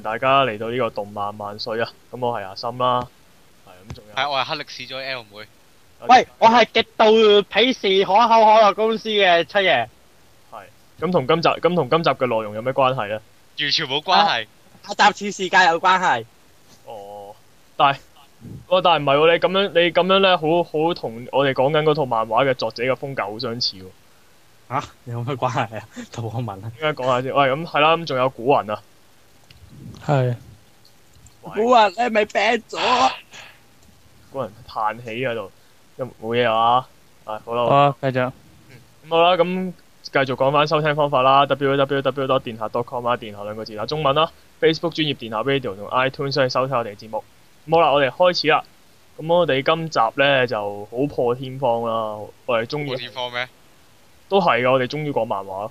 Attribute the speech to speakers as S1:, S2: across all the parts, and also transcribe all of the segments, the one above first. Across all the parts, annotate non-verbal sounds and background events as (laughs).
S1: 大家嚟到呢個動漫萬歲啊！咁我係阿心啦，
S2: 係咁仲有，係我係黑歷史咗 L 妹。
S1: 喂，我係極度鄙視可口可樂公司嘅七爺。係咁同今集咁同今集嘅內容有咩關係咧？
S2: 完全冇關係，
S1: 啊集次事件有關係。哦，但係我但係唔係你咁樣你咁樣咧，好好同我哋講緊嗰套漫畫嘅作者嘅風格好相似喎。
S3: 吓，你有咩關係啊？同我問啊，應
S1: 該講下先。喂，咁係啦，咁仲有古云啊。係，好啊是的，你係咪病咗？個 (laughs) 人嘆氣喺度，冇嘢啊？好啦，繼續。嗯，好啦，咁繼續講翻收聽方法啦。www.dot 電下 .com 啊，電下兩個字啊，中文啦、啊。嗯、Facebook 專業電下 Radio 同 iTunes 收聽我哋嘅節目。好啦，我哋開始啦。咁我哋今集咧就好破天荒啦。我哋終於破天荒咩？都係噶，我哋終於講漫畫。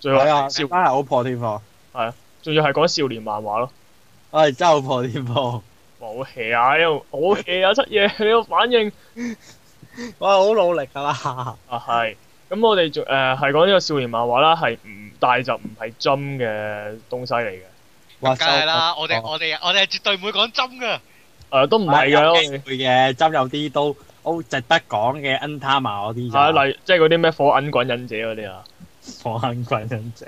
S1: 最後，哎、呦笑翻係好破天荒。係啊，仲要係講少年漫畫咯。哎，周破天破，好 hea 啊，因為好 hea 啊，出嘢你個反應，我係好努力噶啦。啊係，咁我哋仲誒係講呢個少年漫畫啦，係唔但係就唔係針嘅東
S3: 西嚟嘅。哇，梗係啦，我哋我
S2: 哋我哋絕對唔會講針噶。
S3: 誒，都唔係嘅咯，會嘅針有啲都好值得講嘅。Intama 嗰啲啊，例如即係嗰啲咩火銀滾忍者嗰啲啊，
S2: 火銀滾忍者。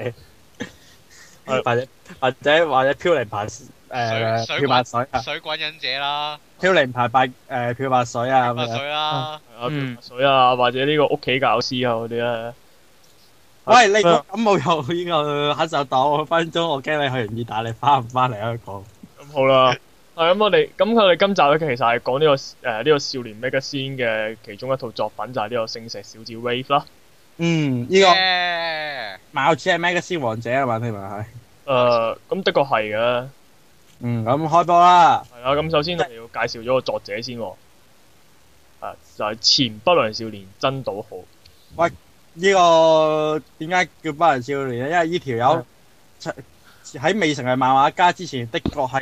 S3: 或者或者或者漂零排，誒漂白水
S2: 水滾忍者啦，
S3: 飄零排白誒漂白水啊，白水啦，水啊，或者呢個屋企教師啊嗰啲咧。喂，你咁我又呢個黑手黨分鐘，我驚你去完意大利，你翻唔翻嚟香港？咁好啦，係咁我哋咁我哋今集咧，其實
S1: 係講呢個誒呢個少年 magazine 嘅其中一套作品就係呢個聖石小子 wave 啦，嗯，
S3: 呢個貌似係 magazine 王者啊嘛，聽埋係。誒，
S1: 咁、呃、的確係嘅，嗯，咁開波啦。係啊、嗯，咁首先我要介紹咗個作者先，誒、啊，就係、是、前不良少年真島浩。
S3: 好喂，呢、這個點解叫不良少年咧？因為呢條友喺未成為漫畫家之前的確是，的確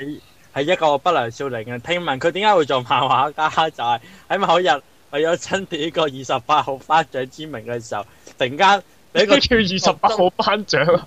S3: 係係一個不良少年嘅。聽聞佢點解會做漫畫家，就係、是、喺某日為咗爭奪呢個二十八號班長之名嘅時候，突然間俾個叫二十八號班長。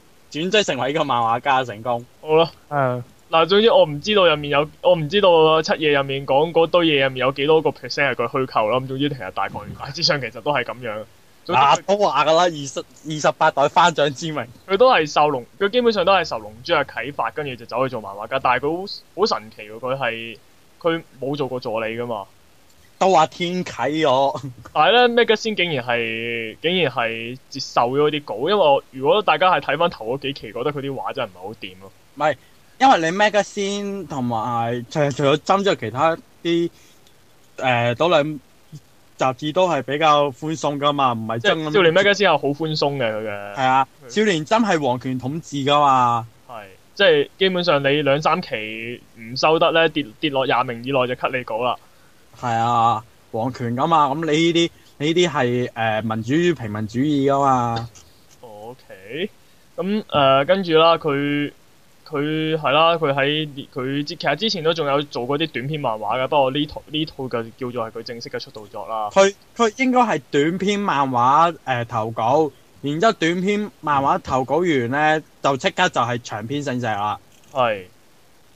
S3: 轉職成為一個漫畫家的成功好
S1: 咯。好啦，嗯，嗱，總之我唔知道入面有，我唔知道七夜入面講嗰堆嘢入面有幾多個 percent 係佢虛構啦。總之其實大概，之、嗯、上其實都係咁樣。嗱、啊，都話噶啦，二十二十八代翻掌之名，佢都係受龍，佢基本上都係受龍珠嘅啟發，跟住就走去做漫畫家。但係佢好好神奇，佢係佢冇做過助理噶嘛。都話天啟我 (laughs) 但呢，但係咧 Magazine 竟然係竟然係接受咗啲稿，因為如果大家係睇翻頭嗰幾期，覺得佢啲畫真係唔係好掂咯。唔
S3: 係，因為你 Magazine 同埋除除咗針之外，其他啲誒，嗰、呃、兩雜誌都係比較寬鬆噶嘛，唔係真。樣少年 Magazine 係好寬鬆嘅佢嘅。係啊，是少年針係皇權統治噶嘛，係即係
S1: 基本上你兩三期唔收得咧，跌跌落廿名以內就 cut 你稿啦。
S3: 係啊，皇權咁嘛，咁你呢啲你呢啲係誒民主平民主義噶嘛？O K，咁誒跟住啦，佢佢
S1: 係啦，佢喺佢其實之前都仲有做過啲短篇漫畫嘅，不過呢套呢套就叫做係佢正式嘅出道作啦。佢
S3: 佢應該係短篇漫畫誒、呃、投稿，然之後短篇漫畫投稿完咧，就即刻就係長篇性質啦。係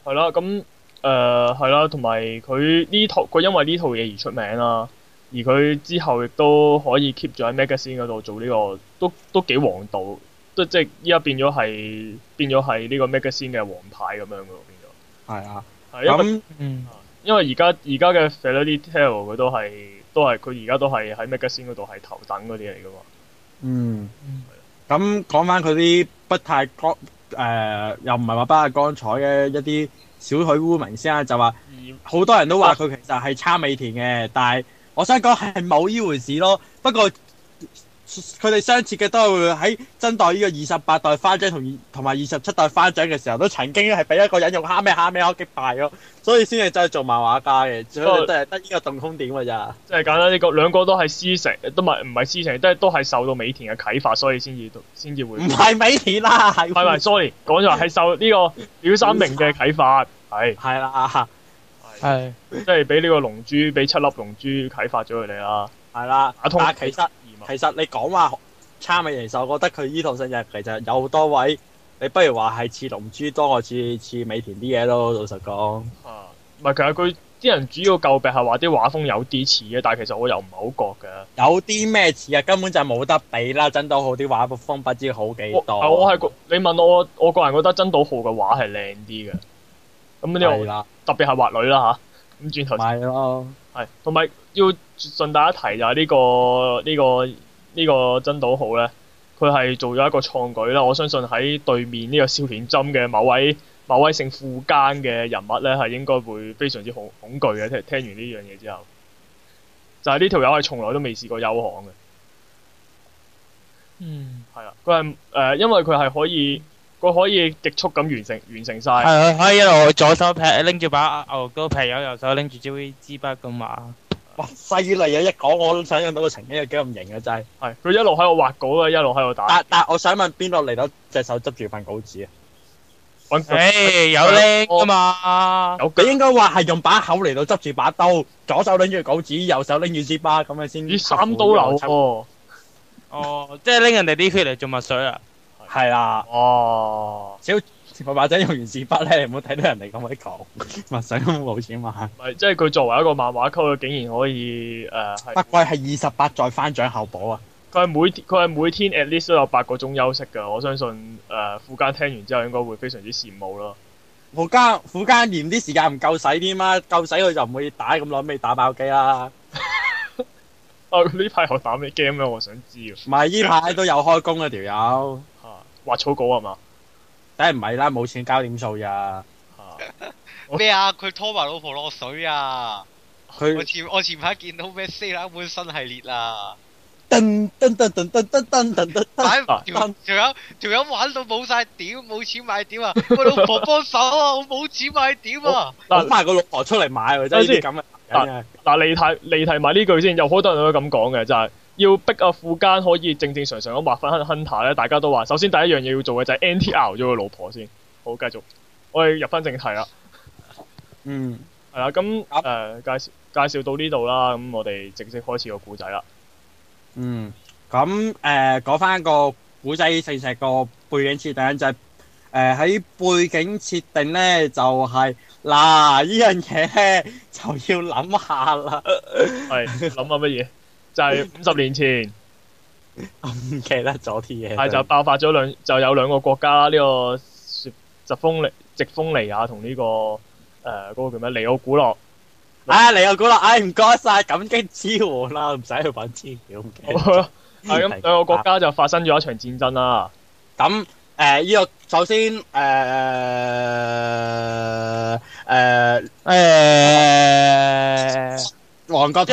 S1: 係啦，咁、啊。嗯誒，係啦、呃，同埋
S3: 佢呢套佢因為
S1: 呢套嘢而出名啦，而佢之後亦都可以 keep 咗喺 magazine 嗰度做呢、呢個，都都幾黃道，都即係依家變咗係變咗係呢個 magazine 嘅王牌咁樣噶咯，變咗。係啊，係是、啊、因為嗯 aro，嗯，嗯，因為而家而家嘅 Fairy Tail 佢都係都係佢而家都係喺 magazine 嗰度係頭等嗰啲嚟噶嘛。
S3: 嗯，咁講翻佢啲不太光誒、呃，又唔係話不太光彩嘅一啲。小許污名先生就話好多人都話佢其實係抄美田嘅，啊、但係我想講係冇呢回事咯。不過佢哋相似嘅都係會喺真代呢個二十八代番長同同埋二十七代番長嘅時候，都曾經係俾一個人用哈咩哈咩可擊敗咯，所以先至真係做漫畫家嘅，所以都只不過得呢個洞空點嘅咋。即、就、
S1: 係、是、簡單啲講、這個，兩個都係師承都唔係唔係師承都係都受到美田嘅啟發，所以先至先至會。唔係美
S3: 田啦，係我
S1: sorry 講錯我，係受呢個小三明嘅啟發。係係啦，係即係俾呢個龍珠，
S3: 俾七粒龍珠啟發咗佢哋啦。係啦的，打通 但係其實的其實你講話差美人獸，是的我覺得佢依套信也其實有多位，你不如話係似龍珠多過，我似似尾田啲嘢咯。老實講，啊，唔係其實佢啲人主要詬病係話啲畫風有啲似嘅，但係其實我又唔係好覺嘅。有啲咩似啊？根本就冇得比啦！真島浩啲畫個風不知好幾多。我係你問我，我個人覺得真島浩嘅畫係
S1: 靚啲嘅。係啦，嗯、特別係畫女啦吓，咁、啊、轉頭係同埋要順帶一提就係、這個這個這個這個、呢個呢個呢個真島浩咧，佢係做咗一個創舉啦。我相信喺對面呢個少年針嘅某位某位姓富奸嘅人物咧，係應該會非常之恐恐懼嘅。聽聽完呢樣嘢之後，就係呢條友係從來都未試過休行嘅。嗯，係啦，佢係誒，因為佢係可以。佢可以極速咁完成完成
S3: 晒，係啊，一路左手劈拎住把牛刀劈，有右手拎住支支筆咁畫。哇！犀利啊！一講我都想象到個情景，又幾咁型嘅真係。係佢一路喺度畫稿啦，一路喺度打。但但我想問，邊度嚟到隻手執住份稿紙啊？誒，有拎噶嘛？佢應該話係用把口嚟到執住把刀，左手拎住稿紙，右手拎住支筆咁樣先。三刀流哦，哦，即係拎人哋啲血嚟做墨水啊！係啦，是啊、哦，小我把仔用完字筆咧，你唔好睇到人哋咁鬼窮，唔使咁冇錢嘛唔係，即係佢作為一個漫畫家，佢
S1: 竟然可以誒，呃、不
S3: 貴係二十八再翻獎後補啊！
S1: 佢係每佢係每天 at least 都有八個鐘休息噶，我相信誒，副、呃、監聽完之後應該會非常之羨慕咯。
S3: 副監副監嫌啲時間唔夠使添啊，夠使佢就唔會打咁耐，咪打爆機啦。哦、 (laughs) 啊，呢排我打咩 game 咧？我想知！唔係，呢排都有開工啊，條友。畫草稿啊嘛？梗係唔係啦，冇錢交點數
S2: 啊咩啊？佢拖埋老婆落水啊！佢我前我前排見到咩西一本新系列啊噔噔噔噔噔噔噔噔！仲有仲有玩到冇晒點，冇錢買點啊！我老婆幫手啊！我冇錢買點啊！嗱，帶
S3: 個老婆出嚟買，真係咁嘅。嗱，
S1: 嗱離題離題埋呢句先，有好多人都咁講嘅，就係。要逼阿富奸可以正正常常咁畫翻 Hunter 咧，大家都話，首先第一樣嘢要做嘅就係 NTR 咗個老婆先。好，繼續，我哋入翻正題啦。嗯，係啦，咁誒、嗯、介紹介紹到
S3: 呢度啦，咁我哋正式開始故、嗯呃、個故仔啦。嗯，咁誒講翻個古仔正成個背景設定就係、是、誒、呃、喺背景設定咧就係、是、嗱，呢樣嘢就要諗下啦。係諗下乜嘢？想想 (laughs) 就係五十年前， (laughs) 我唔記
S1: 得咗啲嘢，係就爆發咗兩就有兩個國家呢、這個疾風嚟直風尼亞同呢個誒嗰、呃那個叫咩尼奧古諾、啊，哎尼奧古諾，哎唔該晒，感激之和啦，唔使去搵資料。係咁，兩個國家就發生咗一場戰爭啦。咁誒呢個首先誒
S3: 誒誒，呃呃呃、王國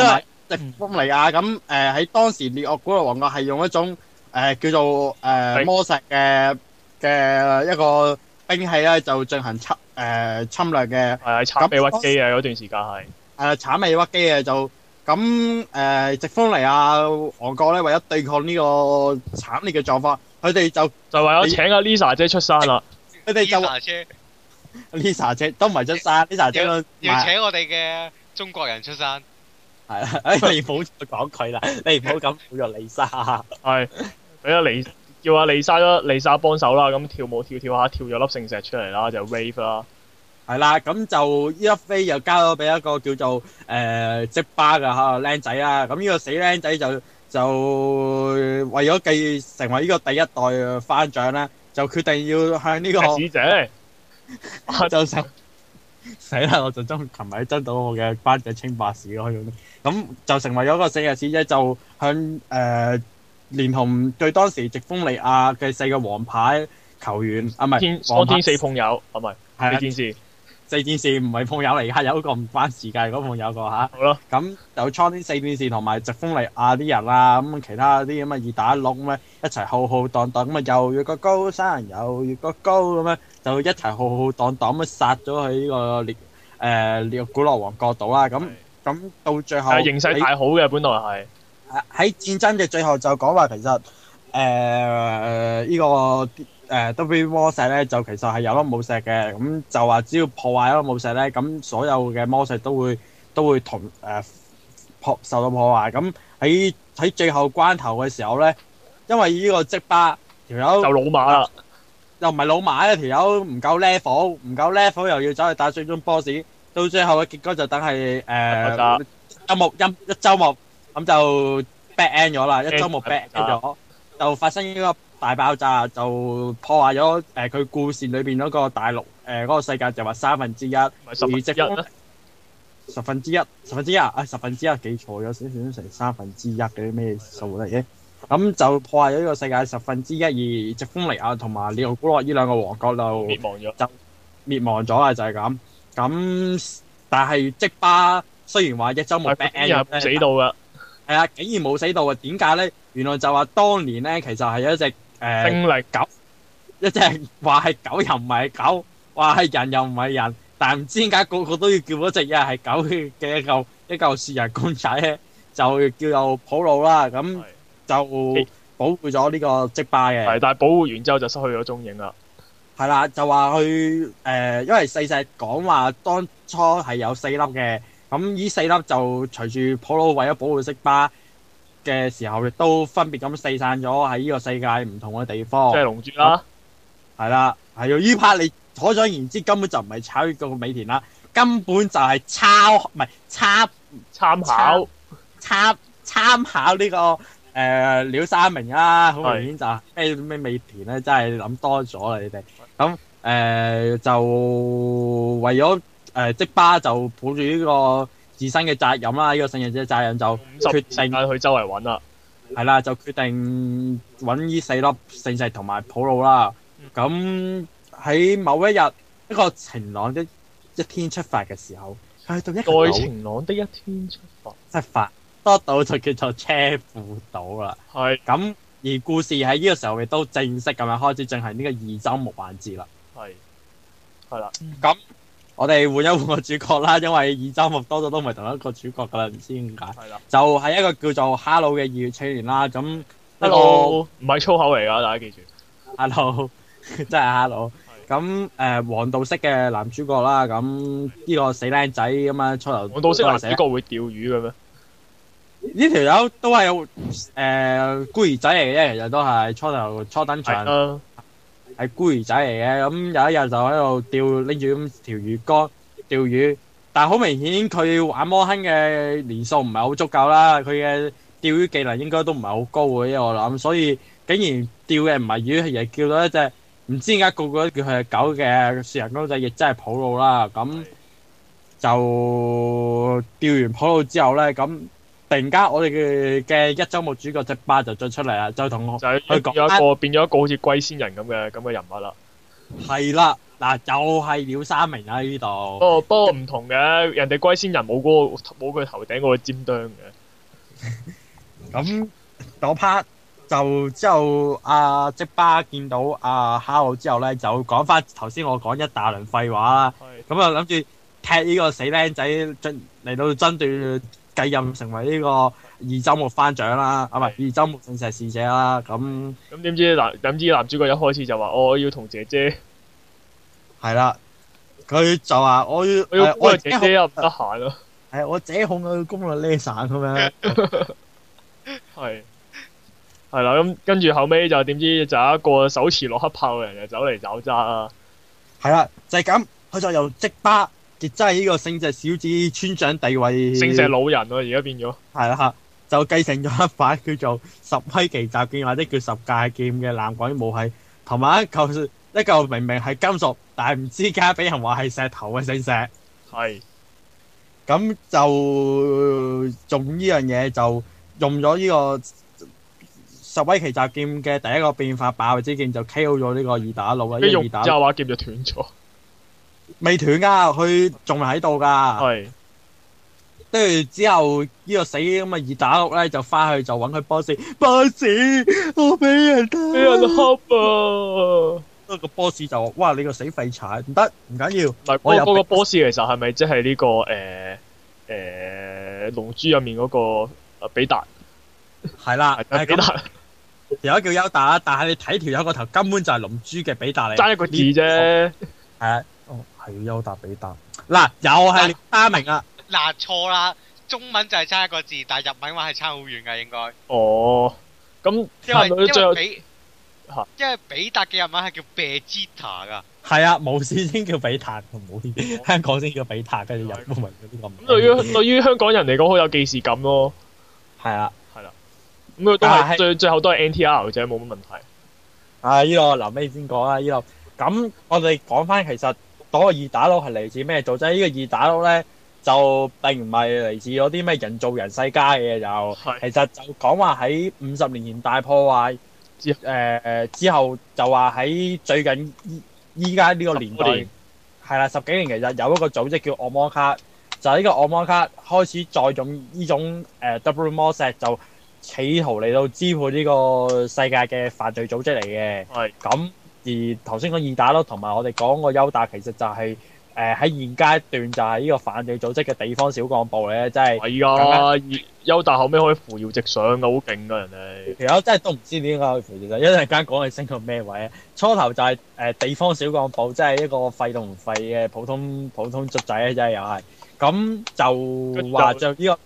S3: 直風嚟啊！咁誒喺當時，列惡古羅王國係用一種誒叫做誒魔石嘅嘅一個兵器咧，就進行侵誒侵略嘅。係慘尾屈機啊！嗰段時間係。誒慘尾屈機啊！就咁誒，直風嚟啊！王國咧，為咗對抗呢個慘烈嘅狀況，佢哋就就為咗請阿 Lisa 姐出山啦。
S2: 佢哋就
S3: Lisa 姐都唔係出山，Lisa 姐要請我
S2: 哋嘅中國人出山。
S3: 係啦，你唔好再講佢啦，你唔好咁叫作李莎。係，
S1: 俾咗李叫阿李莎啦，李莎幫手啦，咁跳舞跳跳下，跳咗粒聖石出嚟啦，就
S3: wave 啦。係啦，咁就一飛又交咗俾一個叫做誒積巴噶吓靚仔啦。咁呢個死靚仔就就為咗繼成為呢個第一代嘅番長啦，就決定要向呢個使者。阿周生。死啦！我就爭，琴日真到我嘅班仔清白事咯。咁就成為咗個四日使者，就向誒、呃，連同對當時直封利亞嘅四個黃牌球員，啊唔係黃牌天四朋友，啊唔係呢件事。四戰士唔係朋友嚟，而家有一個唔關事嘅嗰個朋友個吓，咁、啊、就創啲四戰士同埋疾風利啊啲人啊，咁其他啲咁嘅二打六咁啊一齊浩浩蕩蕩咁啊又越個高山又越個高咁就一齊浩浩蕩蕩咁殺咗喺呢個列誒列古羅王國度啦，咁咁的到最後形勢太好嘅，本來係喺戰爭嘅最後就講話其實誒呢、呃呃這個。誒，W、呃、魔石咧就其實係有粒武石嘅，咁就話只要破壞咗粒武石咧，咁所有嘅魔石都會都會同誒、呃、破受到破壞。咁喺喺最後關頭嘅時候咧，因為呢個積巴條友就老馬啦，又唔係老馬咧，條友唔夠 level，唔夠 level 又要走去打最終 boss，到最後嘅結果就等係誒周末一周末咁就 bad end 咗啦，一周末 bad end 咗的就發生呢個。大爆炸就破壞咗誒，佢、呃、故事裏邊嗰個大陸誒，嗰、呃嗰個世界就話三分之一十二億一,一呢十分之一，十分之一啊、哎，十分之一記錯咗，選成三分之一嗰啲咩數嚟嘅，咁就破壞咗呢個世界十分之一，而疾風尼亞，同埋列奧古洛呢兩個王國滅亡咗就滅亡咗就滅亡咗啊，就係咁咁。但係即巴雖然話一周冇死到啦，係啊，竟然冇死到啊？點解咧？原來就話當年咧，其實係有一隻。呃、精靈狗，一隻話係狗又唔係狗，話係人又唔係人，但係唔知點解個個個都要叫嗰隻嘢係狗嘅，一嚿一嚿雪人公仔就叫做普魯啦，咁就保護咗呢個積巴嘅。係，但係保護完之後就失去咗蹤影啦。係啦，就話佢誒，因為四隻講話當初係有四粒嘅，咁呢四粒就隨住普魯為咗保護積巴嘅時候亦都分別咁四散咗喺呢個世界唔同嘅地方。即係龍珠啦，係啦，係啊！呢 part 你可想而知根本就炒個美田，根本就唔係炒個美田啦，根本就係參唔係參參考參參考呢個誒，鳥山明啦、啊，好是明顯就係咩、哎、美田咧、啊，真係諗多咗啦，你哋咁誒就為咗誒即巴就抱住呢、這個。自身嘅責任啦，呢、這個聖人者嘅責任就決定去周圍揾啦，係啦，就決定揾呢四粒聖石同埋普魯啦。咁喺、嗯、某一日一個晴朗的一天出發嘅時候，
S1: 係到一個晴朗的一天出
S3: 出發，得到就叫做車庫島啦。係咁是，而故事喺呢個時候亦都正式咁樣開始進行呢個二周目文字啦。係係啦，咁。嗯我哋換一換個主角啦，因為二周目多咗都唔係同一個主角噶啦，唔知點解。係啦的，就係一個叫做 Hello 嘅二月青年啦。咁 Hello 唔係 Hello, 粗口嚟噶，大家記住。Hello，真係 Hello。咁誒的、呃，黃道式嘅男主角啦。咁呢個嘛死靚仔咁樣初頭，都識話死哥會釣魚嘅咩？呢條友都係誒孤兒仔嚟嘅，其實都係初頭初登場。係孤兒仔嚟嘅，咁、嗯、有一日就喺度釣，拎住咁條魚竿釣魚，但係好明顯佢玩魔亨嘅年數唔係好足夠啦，佢嘅釣魚技能應該都唔係好高嘅，因為我諗，所以竟然釣嘅唔係魚，而係釣到一隻唔知點解個個叫佢係狗嘅雪人公仔，亦真係普魯啦。咁、嗯、的就釣完普魯之後咧，咁、嗯。突然間，我哋嘅嘅一周目主角即巴就再出嚟啦，就同就去講咗一個、啊、變咗一個好似龜仙人咁嘅咁嘅人物啦。係啦，嗱、啊，就係
S1: 鳥山明喺呢度。這裡哦，不過唔同嘅，人哋龜仙人冇嗰個冇佢頭頂嗰個
S3: 尖端嘅。咁嗰 part 就之後阿即巴見到阿哈魯之後咧，就講翻頭先我講一大輪廢話啦。咁啊諗住踢呢個死僆仔，進嚟到針對。繼任成為呢個二周目番長啦，啊咪，的？二周目正式侍者啦。咁
S1: 咁，點知男點知男主角一開始就話、哦、我要同姐姐，係啦，
S3: 佢就話我要，我要跟姐姐又唔得閒咯，係、呃、我姐控嘅功力
S2: 叻散咁樣，
S1: 係
S3: 係啦。咁跟住後尾
S1: 就點知就有一個手持洛克炮嘅人就走嚟，找渣啦，
S3: 係啦，就係、是、咁，佢就由即巴。亦真係呢個聖石小子村長地位，聖石老人咯、啊，而家變咗。係啦，就繼承咗一把叫做十輝奇集劍或者叫十戒劍嘅爛鬼武器，同埋一嚿一嚿明明係金屬，但係唔知加俾人話係石頭嘅聖石。係是，咁就，就用呢樣嘢就用咗呢個十輝奇集劍嘅第一個變化爆之劍就 KO 咗呢個二打六啊，一用二打又話劍就斷咗。未斷噶，佢仲喺度噶。係，跟住是之後呢個死咁嘅二打六咧，就翻去就揾佢 boss。
S2: boss，我俾人俾人恰
S3: 啊！不過個 boss 就話，哇，你個死廢柴，唔得，唔緊要。那個、我入邊個
S1: boss 其實係咪即係呢個誒誒龍珠入面嗰個比
S3: 達？係啦，係比達，有 (laughs) 叫優達，但係你睇條友個頭，根本就係龍珠嘅比達嚟。爭一個字啫，係啊。 (laughs) 係要優達比達嗱、啊、又係阿明啊，
S2: 嗱錯啦，中文就係差一個字，但係日文話係差好遠噶應該，
S3: 哦咁，因為是是最後，因為
S2: 比因為比達嘅日文係叫 beta 噶
S3: 係啊，無、啊、綫先叫比達冇事香港先叫比達，跟住日文唔係咁，對於對於香港人嚟講好有既
S1: 視感咯係啊係啦，咁佢都係最、啊、最後都係 NTR 就冇乜問題
S3: 啊依、這個留尾先講啦依個咁我哋講翻其實。嗰個二打佬係嚟自咩組織？呢個二打佬咧就並唔係嚟自嗰啲咩人造人世界嘅就，其實就講話喺五十年前大破壞，誒之後就話喺最近依依家呢個年代，係啦十幾年其實有一個組織叫惡魔卡，就係呢個惡魔卡開始再用呢種誒 double 魔石，就企圖嚟到支配呢個世界嘅犯罪組織嚟嘅，係咁。而頭先講二打咯，同埋我哋講個優打，其實就係誒喺現階段就係呢個反對組織嘅地方小幹部咧，真係係啊！優打後尾可以扶搖直上嘅，好勁㗎人哋。其實真係都唔知點解可以扶搖直上，一陣間講佢升到咩位啊！初頭就係誒地方小幹部，即係一個廢同廢嘅普通普通卒仔，真係又係咁就話就呢、這個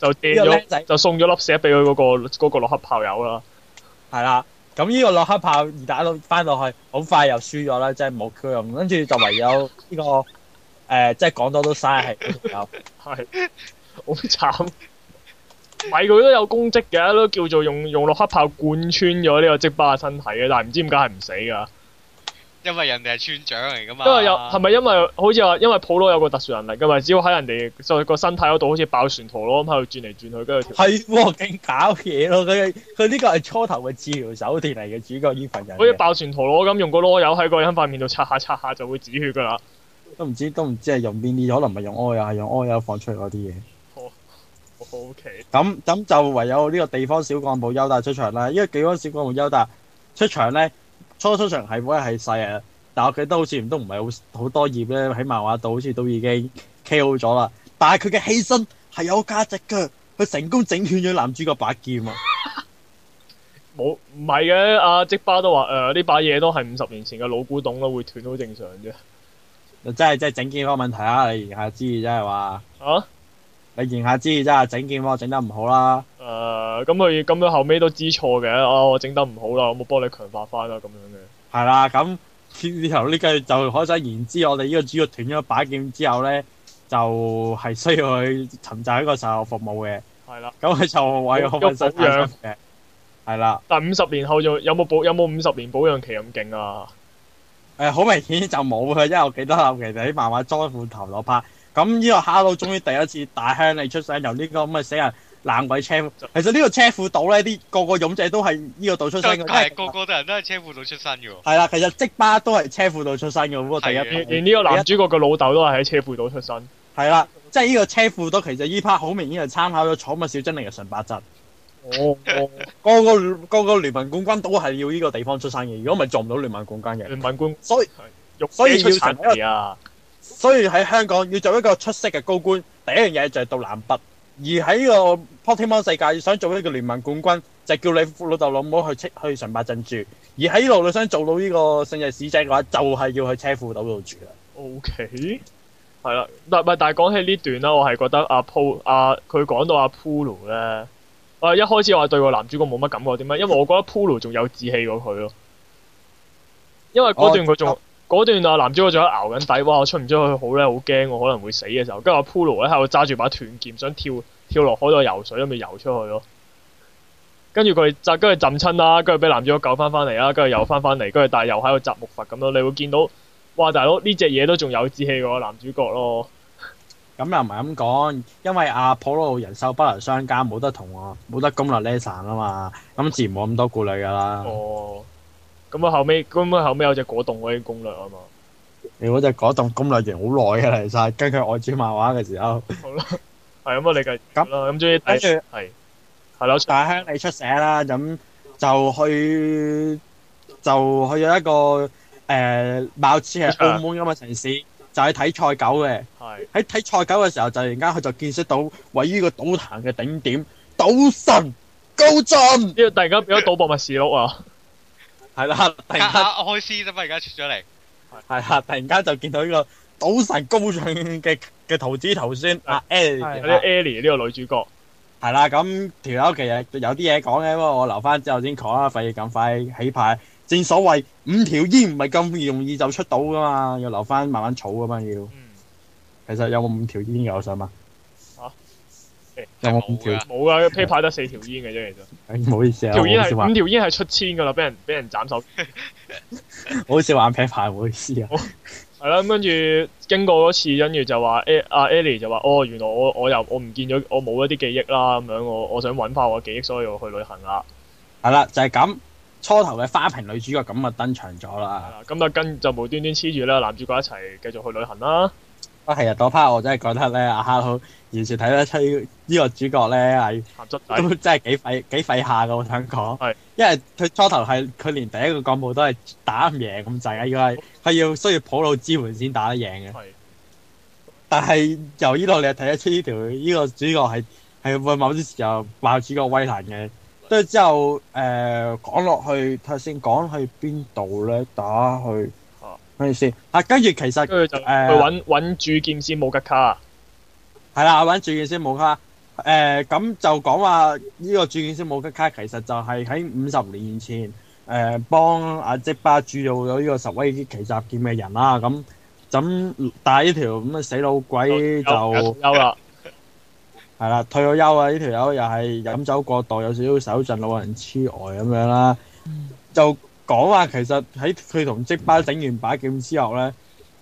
S3: 就呢咗，就，就送咗粒石俾佢嗰個嗰、那個、那個、炮友啦，係啦。咁呢個洛克炮二打六翻落去，好快又輸咗啦，即係冇用，跟住就唯有呢、這個誒，即係講多都嘥氣，係係好慘，
S1: 咪佢都有功績嘅，都叫做用用洛克炮貫穿咗呢個積巴嘅身體嘅，但係唔知點解係唔死噶。
S2: 因為人哋係村長嚟噶嘛，因為有
S1: 係咪因為好似話因為普羅有個特殊能力噶嘛，只要喺人哋就個身體嗰度好似爆旋陀螺咁喺度
S3: 轉嚟轉去，跟住係，勁搞嘢咯，佢佢呢個係初頭嘅治療手段嚟嘅，主角呢份人，好
S1: 似爆旋陀螺咁用個籮柚喺個人塊面度擦下擦下，下就會止血噶啦，
S3: 都唔知都唔知係用邊啲，可能唔係用籮柚呀用籮柚放出嚟嗰啲嘢。好好奇咁咁就唯有呢個地方小幹部優待出場啦，因為地方小幹部優待出場咧。初初場係會係細啊，但係我記得好似都唔係好好多頁咧，喺漫畫度好似都已經 KO 咗啦。但係佢嘅犧牲係有價值㗎。佢成功整斷咗男主角把劍 (laughs) 啊！冇
S1: 唔係嘅，阿積巴都話誒，呢把嘢都係五十年前嘅老古董咯，會斷都正常啫。
S3: 真係真係整件嗰個問題啊！你言下之意，真係話啊？言下之意，即係整劍我整得唔好啦。誒、呃，咁佢咁到後尾都知錯嘅，哦、啊，我整得唔好啦，我冇
S1: 幫你強化翻啦咁樣嘅。
S3: 係啦，咁然後呢句就可想而知，我哋呢個主角斷咗把劍之後咧，就係、是、需要去尋找一個售後服務嘅。係啦的，咁佢就為我份身保養嘅。係啦，但五十年後有冇保有冇五十年保養期咁勁啊？誒、呃，好明顯就冇嘅，因為我記得我其實喺漫畫裝罐頭嗰拍咁呢個哈囉終於第一次大鄉里出世，由呢個咁嘅死人爛鬼車。其實呢個車庫島咧，啲個個勇者都係呢個島出身嘅，即係個個人
S2: 都係車庫島出身嘅。係啦，
S3: 其實即巴都係車庫島出身嘅。咁啊，第一篇，連呢個男主角嘅老豆都係喺車庫島出身，係啦，即係呢個車庫島其實呢 part 好明顯係參考咗《寵物小精靈》嘅純白鎮。哦，個個個個聯盟冠軍都係要呢個地方出世嘅，如果唔係撞唔到聯盟冠軍嘅。聯盟冠軍，所以，的所以要地啊！所以喺香港要做一個出色嘅高官，第一樣嘢就係到南北。而喺呢個 Pokemon 世界，想做呢個聯盟冠軍，就叫你老豆老母去出去純白鎮住。而喺呢度你想做到呢個聖日使者嘅話，就係、是、要去車庫島度住啦。
S1: OK，係啦，但係講起呢段啦，我係覺得阿 Paul a 阿佢講到阿 Paul 咧，我一開始我話對個男主角冇乜感覺，點解？因為我覺得 Paul 仲有志氣過佢咯，因為嗰段佢仲。Oh. 嗰段啊，男主角仲喺熬緊底，哇！我出唔出去好咧，好驚，我可能會死嘅時候。跟住阿普羅咧喺度揸住把斷劍，想跳跳落海度游水，咁咪游出去咯。跟住佢就跟住浸親啦，跟住俾男主角救翻翻嚟啦，跟住又翻翻嚟，跟住但係又喺度集木筏咁咯。你會見到哇，大佬呢隻嘢都仲有
S3: 志氣過男主角咯。咁又唔係咁講，因為阿普羅人壽不能相加，冇得同我冇得供啦，呢散啊嘛。咁自然冇咁多顧慮噶啦。哦。
S1: 咁啊後尾，咁啊後尾有隻果凍嗰啲攻略啊嘛，
S3: 嗰隻果凍攻略型好耐嘅喇，其實跟佢外傳漫畫嘅時候，
S1: 好啦，係咁啊你繼續咁咯，咁中意睇
S3: 係係啦，大亨你出社啦，咁就去就去咗一個誒，貌似係澳門咁嘅城市，就去睇賽狗嘅，係喺睇賽狗嘅時候，就突然間佢就見識到位於個賭壇嘅頂點賭神高進，呢個突然間變咗賭博默示錄啊！係啦，突然間
S2: 開撕啫嘛，而家、啊啊啊、出咗嚟。
S3: 係啊，突然間就見到呢個賭神高進嘅嘅投資頭先，啊 Ellie，呢個女主角。係啦，咁條友其實有啲嘢講嘅，我留翻之後先講啦，費事咁快起牌。正所謂五條煙唔係咁容易就出到噶嘛，要留翻慢慢儲噶嘛，要。嗯、其實有冇五條煙嘅我想問？有
S1: 冇啊，pair 牌得四條煙嘅啫，其實。哎，
S3: 唔 (laughs) 好意思啊。條煙係五條
S1: 煙係出千噶啦，俾人俾人斬手。
S3: 唔好意思玩 pair 牌，唔好意思啊。
S1: 係啦，跟住經過嗰次，跟住就話、 (laughs) uh, Ellie 就話哦，原來我我又我唔見咗，我冇一啲記憶
S3: 啦。咁樣我
S1: 我想搵翻我記憶，所以我去旅行啦。
S3: 係啦，就係、是、咁，初頭嘅花瓶女主角咁就登場咗啦。
S1: 咁就跟就無端端黐住啦，男主角一齊繼續去旅
S3: 行啦。係啊，嗰 part 我真係覺得咧，阿哈佬完全睇得出呢個主角咧係都真係幾廢幾廢下噶，我想講。係是。因為佢初頭係佢連第一個幹部都係打唔贏咁滯啊，應該係佢要需要普魯支援先打得贏嘅。是但係由呢度你睇得出呢條呢個主角係係會某啲時候爆主角威能嘅。跟住是之後誒講落去，先講去邊度咧？打去。咩意思？啊，跟住其實佢就誒，去揾住鑄劍師摩格卡啊，係啦、呃，揾鑄劍師摩格卡。誒，咁就講話呢個鑄劍師摩格卡，呃、說說摩格卡其實就係喺五十年前，誒、呃，幫阿吉巴鑄造咗呢個十威奇襲劍嘅人啦。咁、啊，咁但係呢條咁嘅死老鬼就到休啦，係啦就， (laughs) 退咗休啊！呢條友又係飲酒過度，有少少手震老人痴呆咁樣啦，嗯、就。講話其實喺佢同積巴整完把劍之後咧，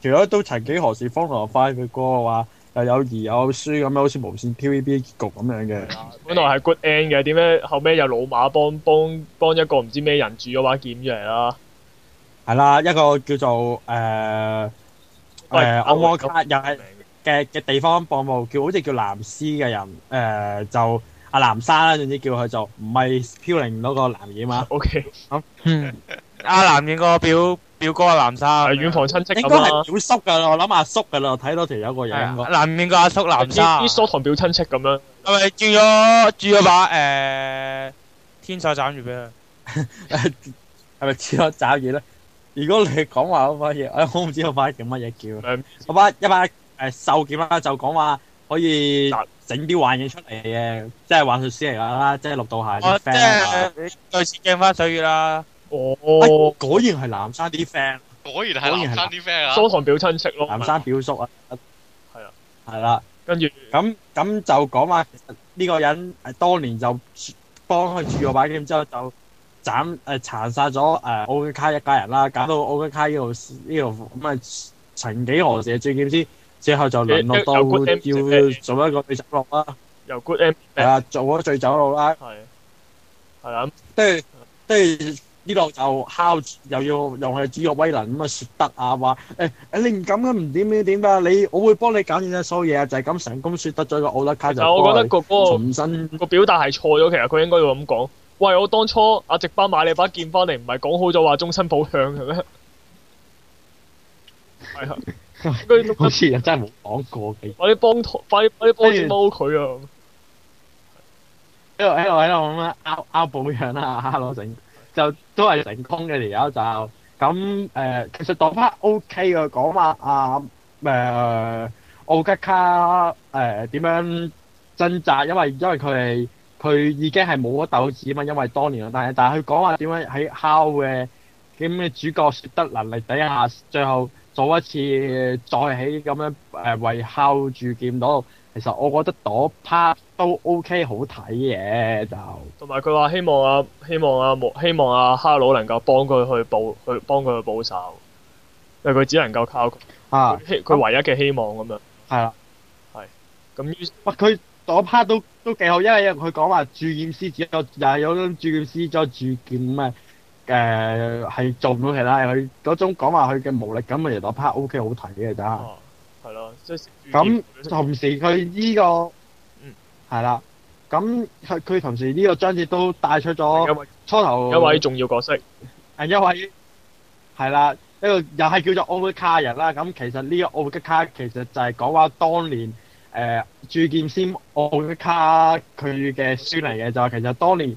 S3: 其實都曾幾何時，方同花佢嘅話又有兒有孫咁樣，好似無綫 TVB 結局咁樣嘅。
S1: 本來係 good end 嘅，點解後尾又老馬幫幫幫一個唔知咩人煮咗把劍
S3: 出嚟啦？係啦，一個叫做誒
S2: 誒按摩卡
S3: 又係嘅嘅地方，博播叫好似叫藍絲嘅人誒、呃、就。阿南沙啦，總之叫佢做，唔係飄零嗰個男嘢嘛。O K，好。阿南面個表表哥阿南沙，遠房親戚。應該係表叔噶啦，我諗阿叔噶啦，我睇到條友個人。南面個阿叔南沙，啲疏堂表親戚咁樣。係咪轉咗轉咗把誒天菜斬住俾佢？係咪轉咗斬住咧？如果你講話嗰把嘢，哎，我唔知嗰把叫乜嘢叫。嗰把一把誒壽劍啦，就講話可以。.整啲玩嘢出嚟嘅，即係玩術師嚟噶啦，即係六道下啲、啊、即係你再次鏡翻水月啦。哦、哎，果然係南山啲 friend，
S2: 果然係南，南山啲 friend 啊。蘇堂
S3: 表親戚咯，南山表叔啊。係啊，係啦。跟住咁咁就講下，其實呢個人誒當年就幫佢鑄個寶劍，之後就斬誒殘殺咗誒奧卡一家人啦，搞到奧克卡呢度呢度咁啊，這個這個、曾幾何時嘅鑄劍師。之後就淪落到要做一個醉酒佬啦，由 good M 啊，做咗醉酒佬啦，係係啦，即係即係呢度就敲又要用佢主角威能咁啊，說得啊，話誒誒，你唔敢啊，唔點點點啊，你我會幫你搞掂所有嘢啊，就係、是、咁成功說得咗個奧德卡就，我覺得哥哥重新個表達係錯咗，其實佢應該要咁講。
S1: 喂，我當初阿直巴買你把劍翻嚟，唔係講好咗話終身保向嘅咩？
S2: 係啊。
S3: (laughs) (laughs) 好似人真係冇講過嘅，
S1: 快啲幫拖，快啲快啲幫住撈佢啊！
S3: 喺度喺度喺度咁樣，阿阿寶樣啦，哈羅城就都係成功嘅嚟，有就咁誒，其實度翻 OK 嘅，講下啊，誒、呃、奧吉卡誒點樣掙扎，因為因為佢係佢已經係冇咗鬥志啊嘛，因為當年啊，但係但係佢講話點樣喺烤嘅咁嘅主角說德能力底下最後。做一次再起咁樣誒、呃，為靠住劍刀，其實我覺得嗰 part 都 OK，
S1: 好睇嘅就。同埋佢話希望啊希望阿、啊希，啊、希望啊哈魯能夠幫佢去補去幫佢去報仇，因為佢只能夠靠佢啊，佢希佢唯一嘅希望咁、啊、樣。
S2: 係啦、啊，
S3: 係咁。唔，佢嗰 part 都都幾好，因為佢講話鑄劍師只有又係有鑄劍師再鑄劍咩？誒係、呃、做唔到其他，佢嗰種講話佢嘅無力感，其實 part O K 好睇嘅，得係咯。
S1: 咁、就是、同
S3: 時佢呢、這個，嗯，係啦。咁佢同時呢個章節都帶出咗為初頭一位重要角色，誒一位係啦，呢個又係叫做奧古卡人啦。咁其實呢個奧古卡其實就係講話當年誒鑄劍仙奧古卡佢嘅書嚟嘅，就係、是、其實當年。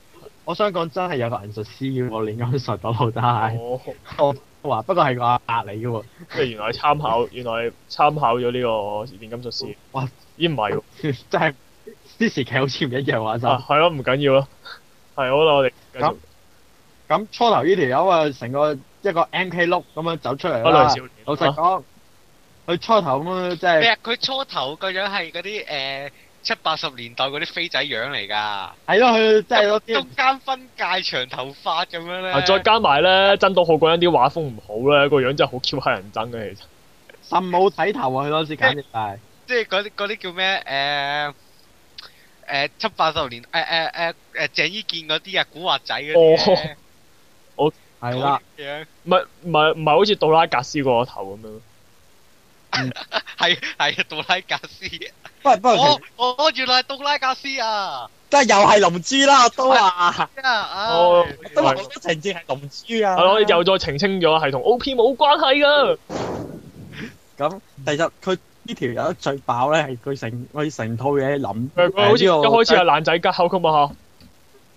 S3: 我想講真係有個術師嘅要鍊金術大佬真係。我我話不過係個阿力嚟嘅喎，
S1: 即係原來參考，原來參考咗呢個鍊金術師。哇！依唔係，
S3: 真係電視劇好似唔一樣啊！真係咯，唔緊要咯。係好啦，我哋咁咁初頭呢條友啊，成個一個 M K look 咁樣走出嚟啦。啊、少年老實講，佢、啊、初頭咁樣即係。
S2: 佢初頭個樣係嗰啲誒。呃七八十年代嗰啲飛仔樣嚟噶，
S3: 係咯，即係咯，中
S2: 間分界長頭髮咁樣咧、啊，再加
S1: 埋咧，真島浩嗰啲畫風唔好咧，啊、個樣真係好 Q 乞人
S3: 憎嘅其實，甚冇睇頭啊！佢 (laughs) 當時簡直係、欸，
S2: 即係嗰啲啲叫咩？誒誒七八十年誒誒誒誒鄭伊健嗰啲啊，古惑仔嗰啲，哦係啦，
S1: 唔係唔係唔係好似杜拉格斯個
S2: 頭咁樣。 (laughs) 嗯係係杜拉格斯，我我原來係杜拉格斯啊，
S3: 即係又係龍珠啦，我都話，
S2: 都話
S1: 情節係龍珠啊，係咯，又再澄清咗係同 O P 冇關係噶。
S3: 咁其實佢呢條友最爆咧係佢成佢成套嘢諗，好似一開始係
S1: 爛仔加口咁嘛嗬，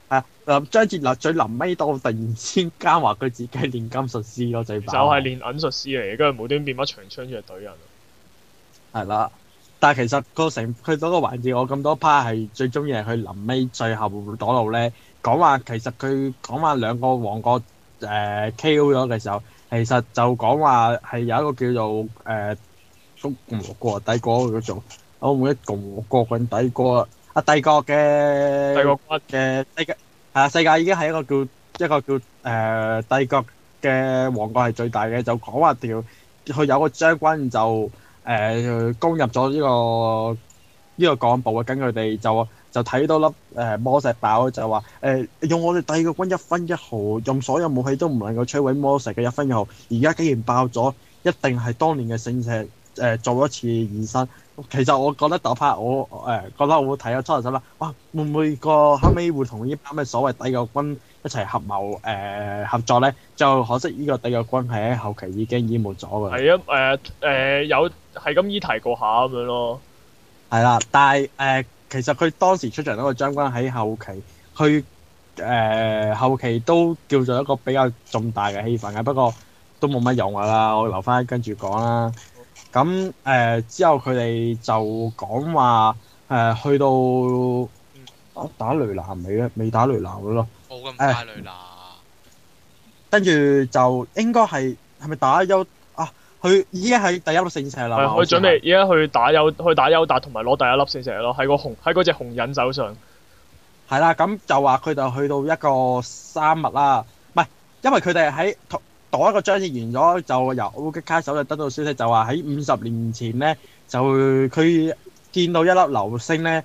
S3: 係啊，張哲南最臨尾到突然之間話佢自己練金術師咯最爆，就係練
S1: 銀術師嚟，跟住冇端變把長槍就懟人。
S3: 係啦，但係其實個成佢嗰個環節，我咁多 part 係最中意係佢臨尾最後嗰度咧，講話其實佢講話兩個王國誒、呃、K.O. 咗嘅時候，其實就講話係有一個叫做誒共和國、帝國叫做我唔記得共和國定帝國啊，帝國嘅、哦、帝國嘅世界啊，世界已經係一個叫一個叫誒、呃、帝國嘅王國係最大嘅，就講話條佢有個將軍就。誒、呃，攻入咗呢、這個呢、這個港部啊，跟佢哋就就睇到粒誒、呃、魔石爆，就話誒、呃、用我哋帝國軍一分一毫，用所有武器都唔能夠摧毀魔石嘅一分一毫，而家竟然爆咗，一定係當年嘅聖石誒做一次現身。其實我覺得打拍我誒、呃，覺得好睇啊！出，十七啦，哇，會唔會個後尾會同呢班咩所謂帝國軍？一齊合謀誒合作咧，就可惜呢個帝國軍咧，後期已經淹沒咗嘅。
S1: 係啊，誒誒，有係咁依提過下咁樣咯。
S3: 係啦，但係誒，其實佢當時出場嗰個將軍喺後期，佢誒後期都叫做一個比較重大嘅氣氛嘅，不過都冇乜用噶啦，我留翻跟住講啦。咁誒之後佢哋就講話誒去到打雷男未？咧，未打雷男噶咯。冇咁快啦，跟住就應該係係咪打優啊？佢已經係第一粒星石啦，係佢準備
S1: 而家去打優去打優達，同埋攞第一粒星石咯。喺個紅，喺嗰隻紅人手上。
S3: 係啦，咁就話佢就去到一個沙漠啦，唔係，因為佢哋喺度一個章節完咗，就由 Ogica 手裏得到消息，就話喺五十年前咧，就佢見到一粒流星咧。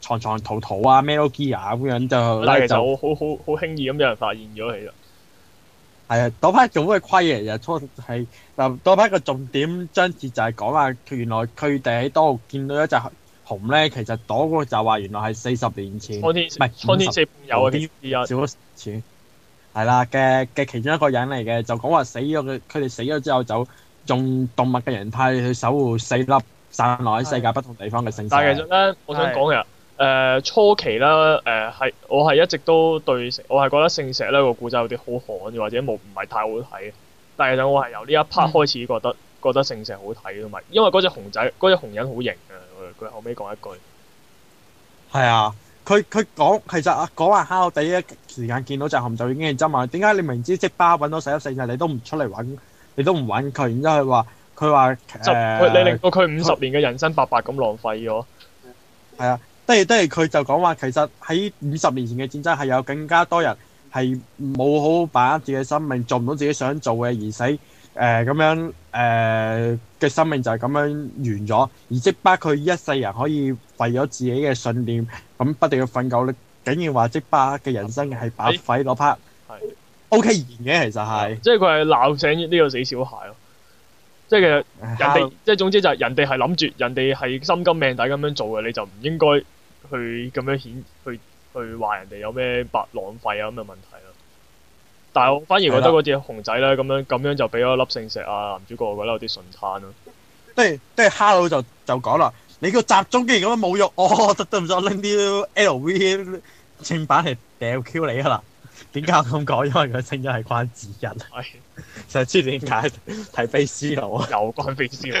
S3: 藏藏逃逃啊，melo gear 啊咁樣就咧就
S1: 好好好輕易咁有人發現咗，其實
S3: 係啊，嗰批仲好鬼虧啊，就初係嗱，嗰批個重點章節就係講話佢原來佢哋喺多屋見到一隻熊咧，其實躲個就話原來係四十年前，唔係天，是天四十 50, 年前實少錢係啦嘅嘅其中一個人嚟嘅，就講話死咗佢哋死咗之後就用動物嘅形態去守護四粒散落喺世界不同地方嘅聖石。但係其實咧，
S1: 我想講嘅的。呃、初期啦，誒、呃，係我係一直都對，我係覺得聖石咧個古仔有啲好寒，或者冇唔係太好睇。但係其實我係由呢一 part 開始覺得，嗯、覺得聖石好睇咯，咪因為嗰隻熊仔，嗰隻熊人好型啊！佢後尾講一句，
S3: 係啊，佢佢講，其實啊，講話我地啊，第一時間見到鄭含就已經係真啊！點解你明知即巴搵到死咗聖石，你都唔出嚟搵，你都唔搵佢？然之後佢話，佢話、呃、你令到佢五十年嘅人生白白咁浪費咗，係啊。即係，即係佢就講話，其實喺五十年前嘅戰爭，係有更加多人係冇好好把握自己嘅生命，做唔到自己想做嘅而死誒，咁、呃、樣誒嘅、呃、生命就係咁樣完咗。而即巴佢一世人可以為咗自己嘅信念，咁不定要瞓覺，你竟然話即巴嘅人生係白費嗰 part，係 OK 言嘅，是的是的其實係。即係佢
S1: 係鬧醒呢個死小孩咯。即係其實人哋，即係的總之就係人哋係諗住，人哋係心甘命抵咁樣做嘅，你就唔應該。去咁樣顯，去去話人哋有咩白浪費啊咁嘅問題啦。但係我反而覺得嗰隻熊仔咧，咁樣咁樣就俾咗粒聖石啊。男主角我覺得有啲順攤咯。跟
S3: 住跟住，Hello 就就講啦，你個集中竟然咁樣侮辱、哦、我得得唔使我拎啲 LV 正版嚟掉 Q 你啊啦？點解咁講？因為佢聲音係關子人，成知點解睇鼻屎流啊，有關鼻屎流。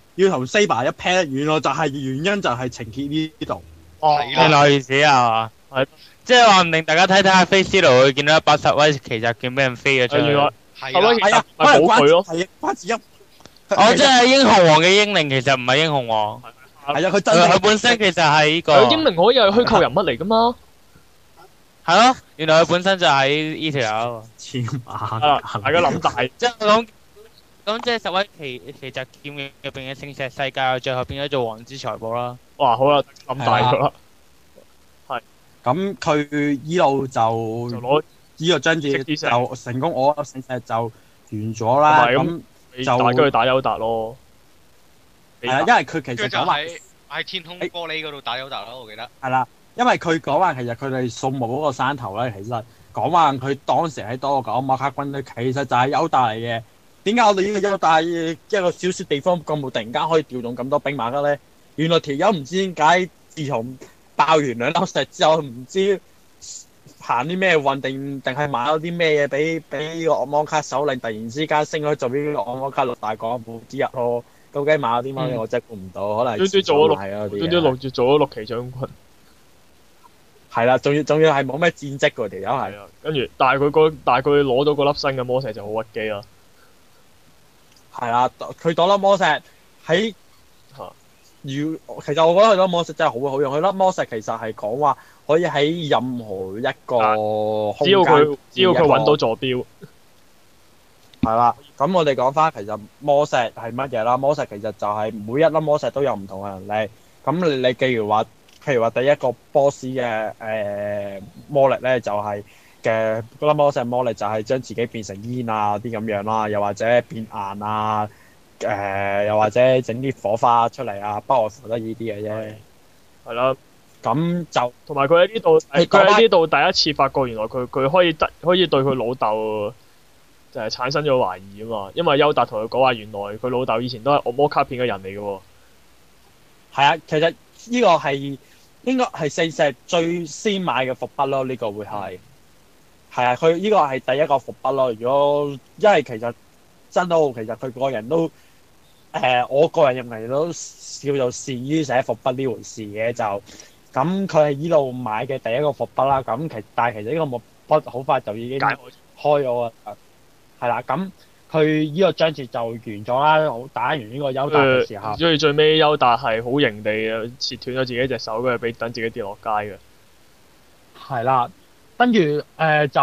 S3: 要同西巴一撇得遠咯，就係原因就係情結呢度。哦，原來意思係嘛？係即係話唔定大家睇睇阿菲斯羅佢見到一百十位其實叫咩人飛嘅出嚟？係啊係啊，唔係關佢咯，係關住音。哦，即係英雄王嘅英靈其實唔係英雄王。
S2: 係啊，佢真係佢本身其實係呢個。佢英靈可以係虛構人物嚟噶嘛？係咯，原來佢本身就喺呢條友。天馬，係啦，大家諗大，即
S3: 係我諗。咁即係十位奇奇石劍入入
S2: 邊嘅聖石世界，最後變咗做
S3: 王之財寶啦。哇，好啊，咁大噶啦，係咁佢呢度就攞呢個章節就成功，我聖石就完咗啦。咁就佢去打優達咯。係啊，因為佢其實咁
S2: 喺天空玻璃嗰度打優達咯。我記得
S3: 係啦，因為佢講話其實佢哋掃墓嗰個山頭咧，其實講話佢當時喺多個阿瑪克軍咧，其實就係優達嚟嘅。點解我哋呢個一個大一個小小地方，咁冇突然間可以調動咁多兵馬嘅咧？原來條友唔知點解，自從爆完兩粒石之後，唔知行啲咩運，定定係買咗啲咩嘢俾俾呢個阿摩卡首領突然之間升咗做呢個阿摩卡六大幹部之一咯？究竟買咗啲乜嘢？我真係估唔到，嗯、可能、嗯、做咗六，
S1: 做咗六期將軍，係啦，仲要仲要係冇咩戰績嘅條友係啊。跟住，但係佢個但係佢攞到嗰粒新嘅魔石就好屈機啦。
S3: 係啦，佢攞粒魔石喺
S1: 嚇，
S3: 其實我覺得佢粒魔石真係好好用。佢粒魔石其實係講話可以喺任何一個空間個只，只要佢只要佢揾到座標，係啦。咁我哋講返其實魔石係乜嘢啦？魔石其實就係每一粒魔石都有唔同嘅能力。咁你你譬，譬如話，譬如話第一個 boss 嘅誒、呃、魔力咧，就係、是。嘅嗰粒魔石魔力就係將自己變成煙啊啲咁樣啦、啊，又或者變硬啊，誒、呃，又或者整啲火花出嚟啊，不外乎得呢啲嘅啫。
S1: 係啦的，
S3: 咁就同埋佢喺呢度，佢喺呢度
S1: 第一次發覺，原來佢佢可以得，可以對佢老豆就係產生咗懷疑啊嘛。因為優達同佢講話，原來佢老豆以前都係惡魔卡片嘅人嚟嘅。
S3: 係啊，其實呢個係應該係四石最先買嘅伏筆咯，呢、這個會係。係啊，佢呢個係第一個伏筆咯。如果因為其實真都，其實佢個人都誒、呃，我個人認為都叫做善於寫伏筆呢回事嘅就咁。佢係呢度買嘅第一個伏筆啦。咁其但係其實呢個木筆好快就已經開咗啊。係、嗯、啦，咁佢呢個章節就完咗啦。我打完呢個優達嘅時候，呃、所
S1: 以最尾優達係好型地切斷咗自己一隻手，佢俾等自己跌落街嘅。
S3: 係啦、啊。跟住，誒、呃，就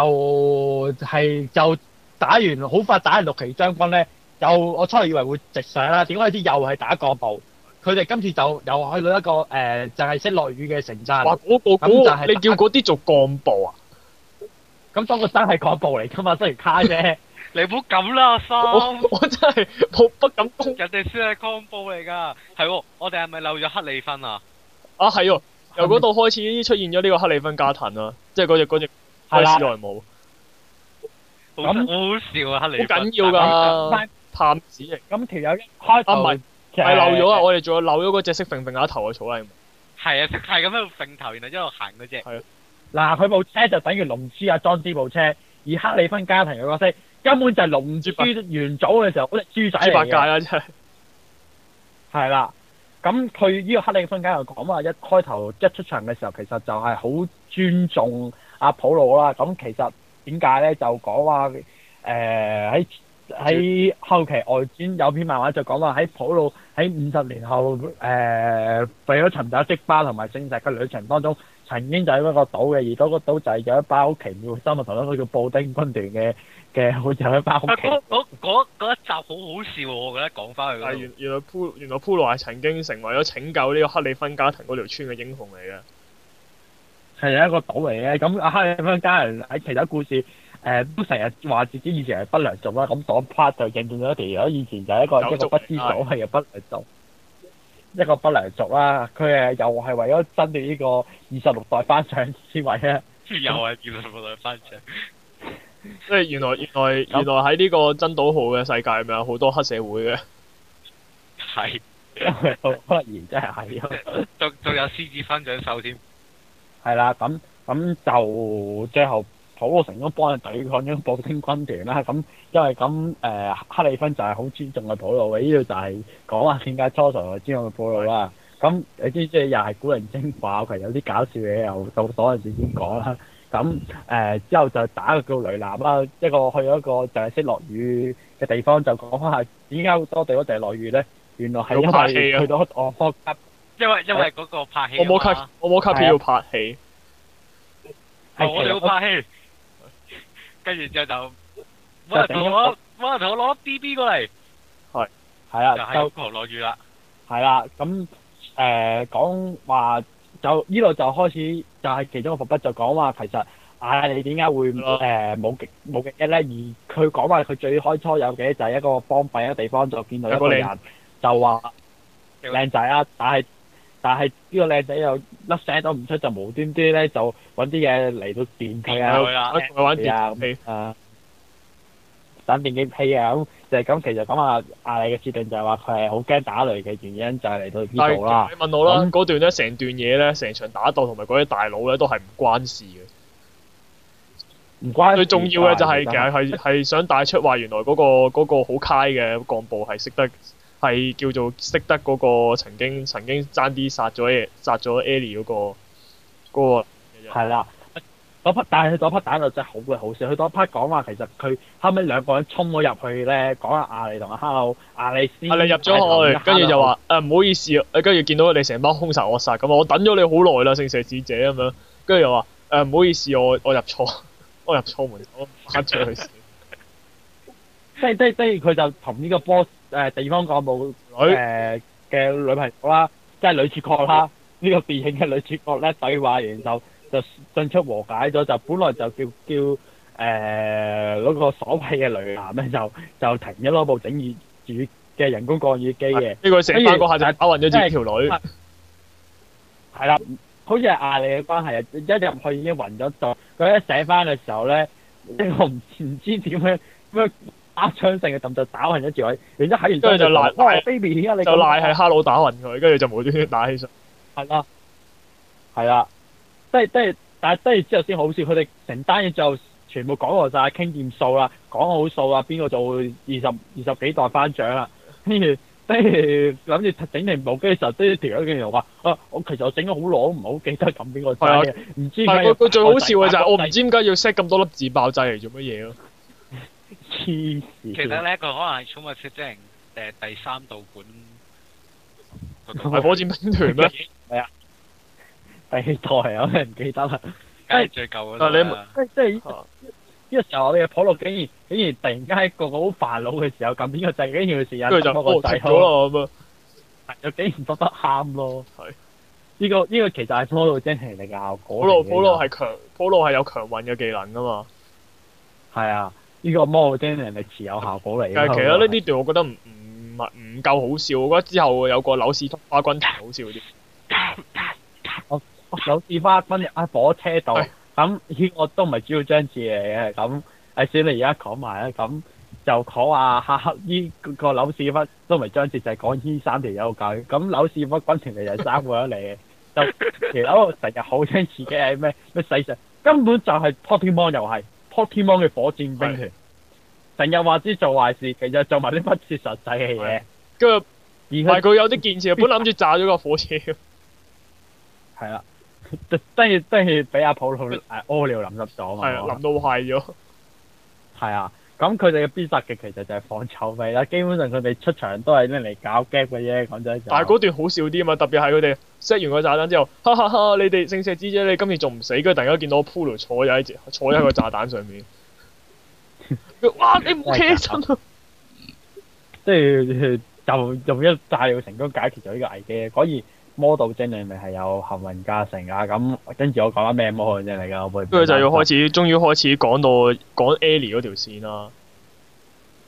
S3: 係就打完好快打完六旗將軍咧，又我初嚟以為會直上啦，點解啲又係打幹部？佢哋今次就又去到一個誒、呃，就係識落雨嘅城寨。哇！嗰個嗰個，就你叫嗰
S1: 啲做幹
S3: 部啊？咁當佢真係幹部嚟噶嘛，雖然卡啫。
S2: 你唔好咁啦，阿三，我，我真係好不敢攻人哋先係幹部嚟噶，係、哦、我哋係咪漏咗克李芬啊？
S1: 啊，係哦。由嗰度開始已經出現咗呢個克里芬家庭啦，即係嗰隻嗰隻
S2: 開史萊姆，
S1: 咁好好
S2: 笑啊！克里芬好緊要噶，
S1: 探子咁條友一開頭唔係，係漏咗啊！我哋仲有漏咗嗰隻識揈揈下頭嘅草泥，係啊，識係咁
S2: 樣揈頭，然後一路行嗰隻係
S3: 嗱佢部車就等於龍珠啊，裝呢部車，而克里芬家庭嘅角色根本就係龍珠完組嘅時候，嗰隻豬仔八戒啦，真係係啦。咁佢呢個克里分芬又講話，一開頭一出場嘅時候，其實就係好尊重阿普魯啦。咁其實點解咧？就講話誒喺。呃喺後期外傳有篇漫畫就講話，喺普魯喺五十年後誒、呃，為咗尋找積巴同埋聖石嘅旅程當中，曾經就喺一個島嘅，而嗰個島就係有一班好奇妙生物同埋一個叫布丁軍團嘅嘅，好似有一班好。嗰嗰
S1: 嗰嗰集好好笑，我覺得講翻去原。原來原來普原來普魯係曾經成為咗拯救呢個克里芬家庭嗰條村嘅英雄嚟嘅。
S3: 係一個島嚟嘅，咁阿克里芬家人喺其他故事。誒、呃，都成日話自己以前係不良族啦，咁當 part 就印證咗，其實我以前就係一個一個不知所系嘅不良族，嗯、一個不良族啦。佢誒又係為咗爭奪呢個二十六代番長之位咧，
S2: 又係二十六代番長。
S1: (laughs) 所以原來原來原來喺呢個真島號嘅世界，咪有好多黑社會嘅。係 (laughs) 是，果然真
S3: 係係，
S2: 仲仲有獅子番長獸添。
S3: 係 (laughs) 啦，咁咁就最後。普羅成功幫人抵抗咗波斯軍團啦，咁因為咁誒、呃，哈利芬就係好尊重嘅普羅，呢度就係講下點解初時尊重嘅普羅啦。咁的你知唔知又係古人精華？其實有啲搞笑嘢，又到嗰陣時先講啦。咁誒、呃，之後就打個叫雷男啦，一個去了一個就係識落雨嘅地方，就講翻下點解好多地方就係落雨咧。原來係因為去到、啊、我，我，我因為、欸、因為嗰個拍戲、
S2: 啊。我冇卡，我冇卡邊要
S3: 拍戲？
S2: 的的我哋要拍戲。跟住之後就冇
S3: 人同我，冇人同我攞 BB 過嚟。係係啦，就狂落雨啦。係啦，咁誒講話就呢度就開始就係其中個伏筆，就講話其實，唉、啊，你點解會誒冇極冇極一咧？而佢講話佢最開初有嘅就係一個荒廢一個地方，就見到一個人就話靚仔啊，但係。但係呢個靚仔又粒聲都唔出，就無端端咧就揾啲嘢嚟到電梯啊，去揾字啊，啊，等電梯啊咁就係咁。其實咁啊，阿麗嘅設定就係話佢係好驚打雷嘅原因就係嚟到呢度啦。
S1: 你問我啦，咁嗰段咧成段嘢咧，成場打鬥同埋嗰啲大佬咧都係唔關事嘅，唔關。最重要嘅就係其實係係想帶出話，原來嗰個嗰個好 high 嘅幹部係識得。係叫做識得嗰個曾經曾經爭啲殺咗嘢殺咗 Ellie 嗰個嗰、嗰個係啦
S3: 嗰 part 但係嗰 part 打到真係好鬼好笑，佢嗰 part 講話其實佢後尾兩個人衝咗入去咧，講阿阿麗同阿 Hello 阿麗阿你入咗去，跟住就話
S1: 誒唔好意思，跟住見到你成班凶殺惡殺咁啊，我等咗你好耐啦，聖食使者咁樣，跟住又話誒唔好意思，我我入錯我入錯門我翻出去死。即
S3: 係即係佢就同呢個 s 誒、呃，地方幹部女誒嘅女朋友啦，即係女主角啦。呢 (laughs) 個電影嘅女主角咧，對話完就就進出和解咗，就本來就叫叫誒嗰、呃那個所謂嘅女男咧就就停咗攞部整魚主嘅人工降雨機嘅。呢個醒翻嗰下就打暈咗自己條女。係啦， (laughs) 好似係壓力嘅關係啊！一入去已經暈咗度，佢一醒翻嘅時候咧，即我唔知點解咩。壓槍性嘅咁就打暈咗住位，然之後
S1: 睇完之後就賴，因為
S2: baby 而家你就賴係、哎、哈
S3: 佬打暈佢，跟住就冇端端打起身。係啦、啊，係啦，即係即係，但係跟住之後先好笑，佢哋成單嘢就全部講完晒，傾掂數啦，講好數啦，邊個做二十二十幾代班長啊？跟住跟住諗住整條毛巾嘅時候，住條友竟然話：，啊，我其實我整咗好耐，唔係好記得咁邊個仔，唔、啊、知佢佢最好笑嘅就係、是、我唔
S1: 知點解要 set 咁多粒自爆掣嚟做乜嘢咯。黐線，其實
S2: 呢個可能係《寵物小精靈》誒第三道館，係火箭
S3: 兵團咩？係啊，第四代啊，我唔記得啦。梗
S2: 係最舊嗰
S3: 套啦。即即係呢個時候，我哋嘅普羅竟然竟然突然間喺個個好煩惱嘅時候，撳呢個掣，竟然嘅時
S1: 候撳嗰個掣開，又
S3: 竟然覺得
S2: 啱咯。
S1: 係呢個呢個，其實係普羅精靈嚟嘅效果。普羅普羅係強，普羅係有強運嘅技能噶嘛？係啊。呢個魔丹人係持有效果嚟，但係其實呢呢段我覺得唔唔唔夠好笑，我覺得之後有個柳氏花軍團好
S3: 笑啲。我、哦、柳氏花軍喺火、啊、車度，咁呢是、嗯這個我都唔係主要張節嚟嘅。咁、嗯、誒、哎，算你而家講埋啦，咁、嗯、就講下下黑呢個柳市花都唔係張節，就係、是、講呢三條友計。咁柳市花軍團，嚟就三個嚟嘅， (laughs) 就其實成日好聽自己係咩咩世上根本就係 Pokemon 遊戲。Pokemon 嘅火箭兵團成日話知做壞事，
S1: 其實做埋啲不切實際嘅嘢。跟住，唔係佢有啲建設， (laughs) 本諗住炸咗個火
S3: 車。係啦，即係即係俾阿普佬屙尿淋濕咗嘛，係啊，淋的到壞咗，係啊。咁佢哋嘅必殺嘅其實就係放臭屁啦，基本上佢哋出場都係拎嚟搞 gap 嘅啫，講真。但係嗰段好笑啲啊嘛，特別
S1: 係佢哋 set 完個炸彈之後，哈哈哈！你哋聖石之姐，你今次仲唔死？跟住突然間見到我 Polo 坐咗喺坐喺個炸彈上面。 (laughs) 哇！你唔好企起身？即
S3: 係、 (laughs) 就是、就用一炸要成功解決咗呢個危機，果然。魔導精靈咪係有幸運加成啊！咁跟住我講緊咩魔導精靈嚟噶，我唔會。跟住就要開始，
S1: 終於開始講到講 Ali 嗰條線啦。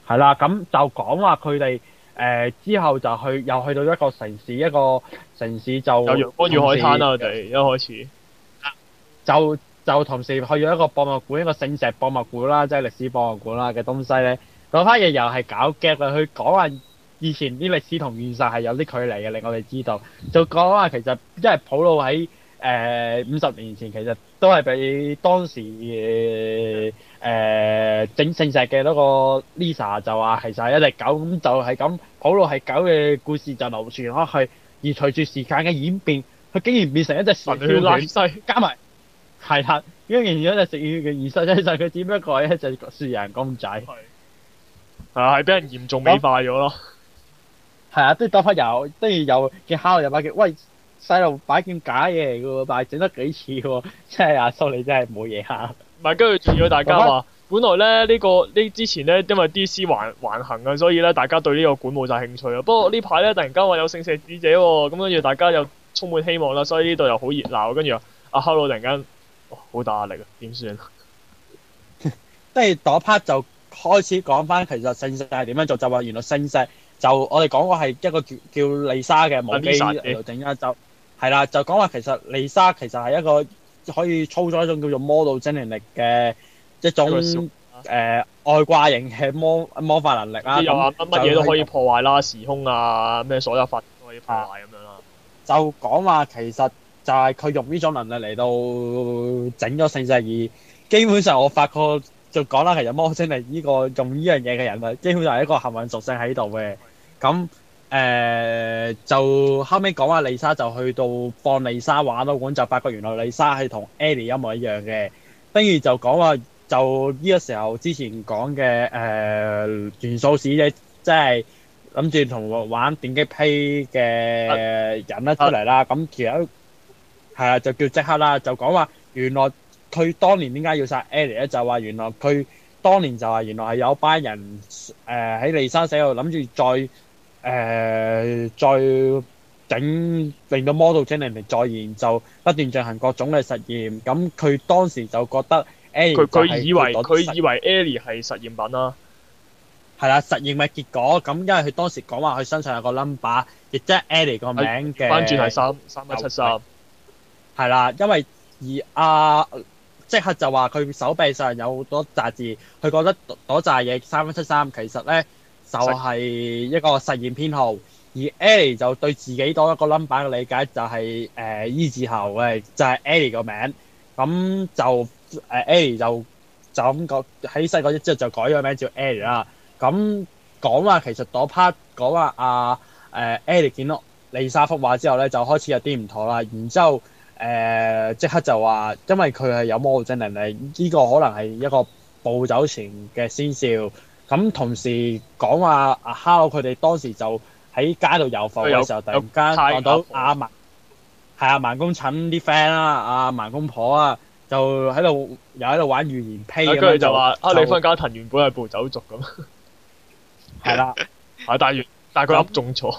S1: 係啦，咁
S3: 就講話佢哋誒之後就去又去到一個城市，一個城市就。有陽光海灘啦，我哋一開始。就就同時去咗一個博物館，一個聖石博物館啦，即係歷史博物館啦嘅東西咧。嗰批嘢又係搞腳啊！佢講啊。以前啲歷史同現實係有啲距離嘅，令我哋知道，就講話、啊、其實，因為普魯喺誒五十年前其、呃，其實都係俾當時誒整聖石嘅嗰個 Lisa 就話，其實係一隻狗，咁就係、是、咁，普魯係狗嘅故事就流傳開去。而隨住時間嘅演變，佢竟然變成一隻食血犬。血加埋係啦，竟然變咗隻食血嘅現實咧就係佢點樣改一隻雪人公仔，係係俾人嚴重美化咗咯。嗯係啊，即係打翻又，跟住又見 hello 又擺件喂，細路擺件假嘢嚟嘅喎，但係整得幾似喎，真係阿叔你真係冇嘢喊。唔係，跟住住咗大家話，發
S1: 本來咧、這、呢個呢、這個、之前咧，因為 D.C. 還還行嘅，所以咧大家對呢個館冇晒興趣啊。不過呢排咧突然間話有聖石使者、哦，咁跟住大家又充滿希望啦，所以呢度又好熱鬧。跟住阿 hello 突然間，好、哦、大壓力啊，點
S3: 算？跟住嗰 part 就開始講翻，其實聖石係點樣做，就話原來聖石。就我哋講過係一個叫叫麗莎嘅武器嚟整啊，就係啦，就講話其實麗莎其實係一個可以操作一種叫做魔導精靈力嘅一種誒外掛型嘅魔魔法能力啊，乜嘢都可以破壞啦，時空啊，咩所有法都可以破壞咁樣啦。就講話其實就係佢用呢種能力嚟到整咗聖世二。基本上我發覺就講啦，其實魔精力呢個用呢樣嘢嘅人物，基本上就係一個幸運屬性喺度嘅。咁誒、呃、就後尾講阿麗莎就去到放麗莎玩嗰館，就發覺原來麗莎係同 Ellie 一模一樣嘅，跟住就講話就呢個時候之前講嘅誒元素史即係諗住同玩電擊 play 嘅人咧出嚟啦，咁、啊啊、其實係啊就叫即刻啦，就講話原來佢當年點解要殺 Ellie 咧，就話原來佢當年就話原來係有班人誒喺、呃、麗莎死後諗住再。誒、呃，再整令到 model 精靈嚟再研究就不斷進行各種嘅實驗。咁佢當時就覺得，誒，佢佢以為佢以為 e d i e 係實驗品啦、啊，係啦，實驗嘅結果。咁因為佢當時講話佢身上有個 number，亦即係 e d i 個名嘅。翻轉係三三七三，係啦，因為而阿即刻就話佢手臂上有好多雜質，佢覺得嗰扎嘢三分七三，其實咧。就係一個實驗編號，而 Ellie 就對自己多一個 number 嘅理解就係誒 E 字頭嘅就係、是、Ellie 個名，咁就誒 Ellie 就就咁講喺細個之後就改咗個名叫 Ellie 啦。咁講話其實嗰 part 講話阿誒 Ellie 見到李莎幅畫之後咧就開始有啲唔妥啦，然之後誒即、呃、刻就話因為佢係有魔導能力，係、這、呢個可能係一個暴走前嘅先兆。咁同時講話阿 h 佢哋當時就喺街度遊浮嘅時候，於突然間撞到阿、啊、萬，係阿萬公診啲 friend 啦，阿萬公婆啊，就喺度 (laughs) 又喺度玩預言呸咁佢就話：阿李芬家藤原本係暴走族咁。係啦，係但係但係佢噏中咗。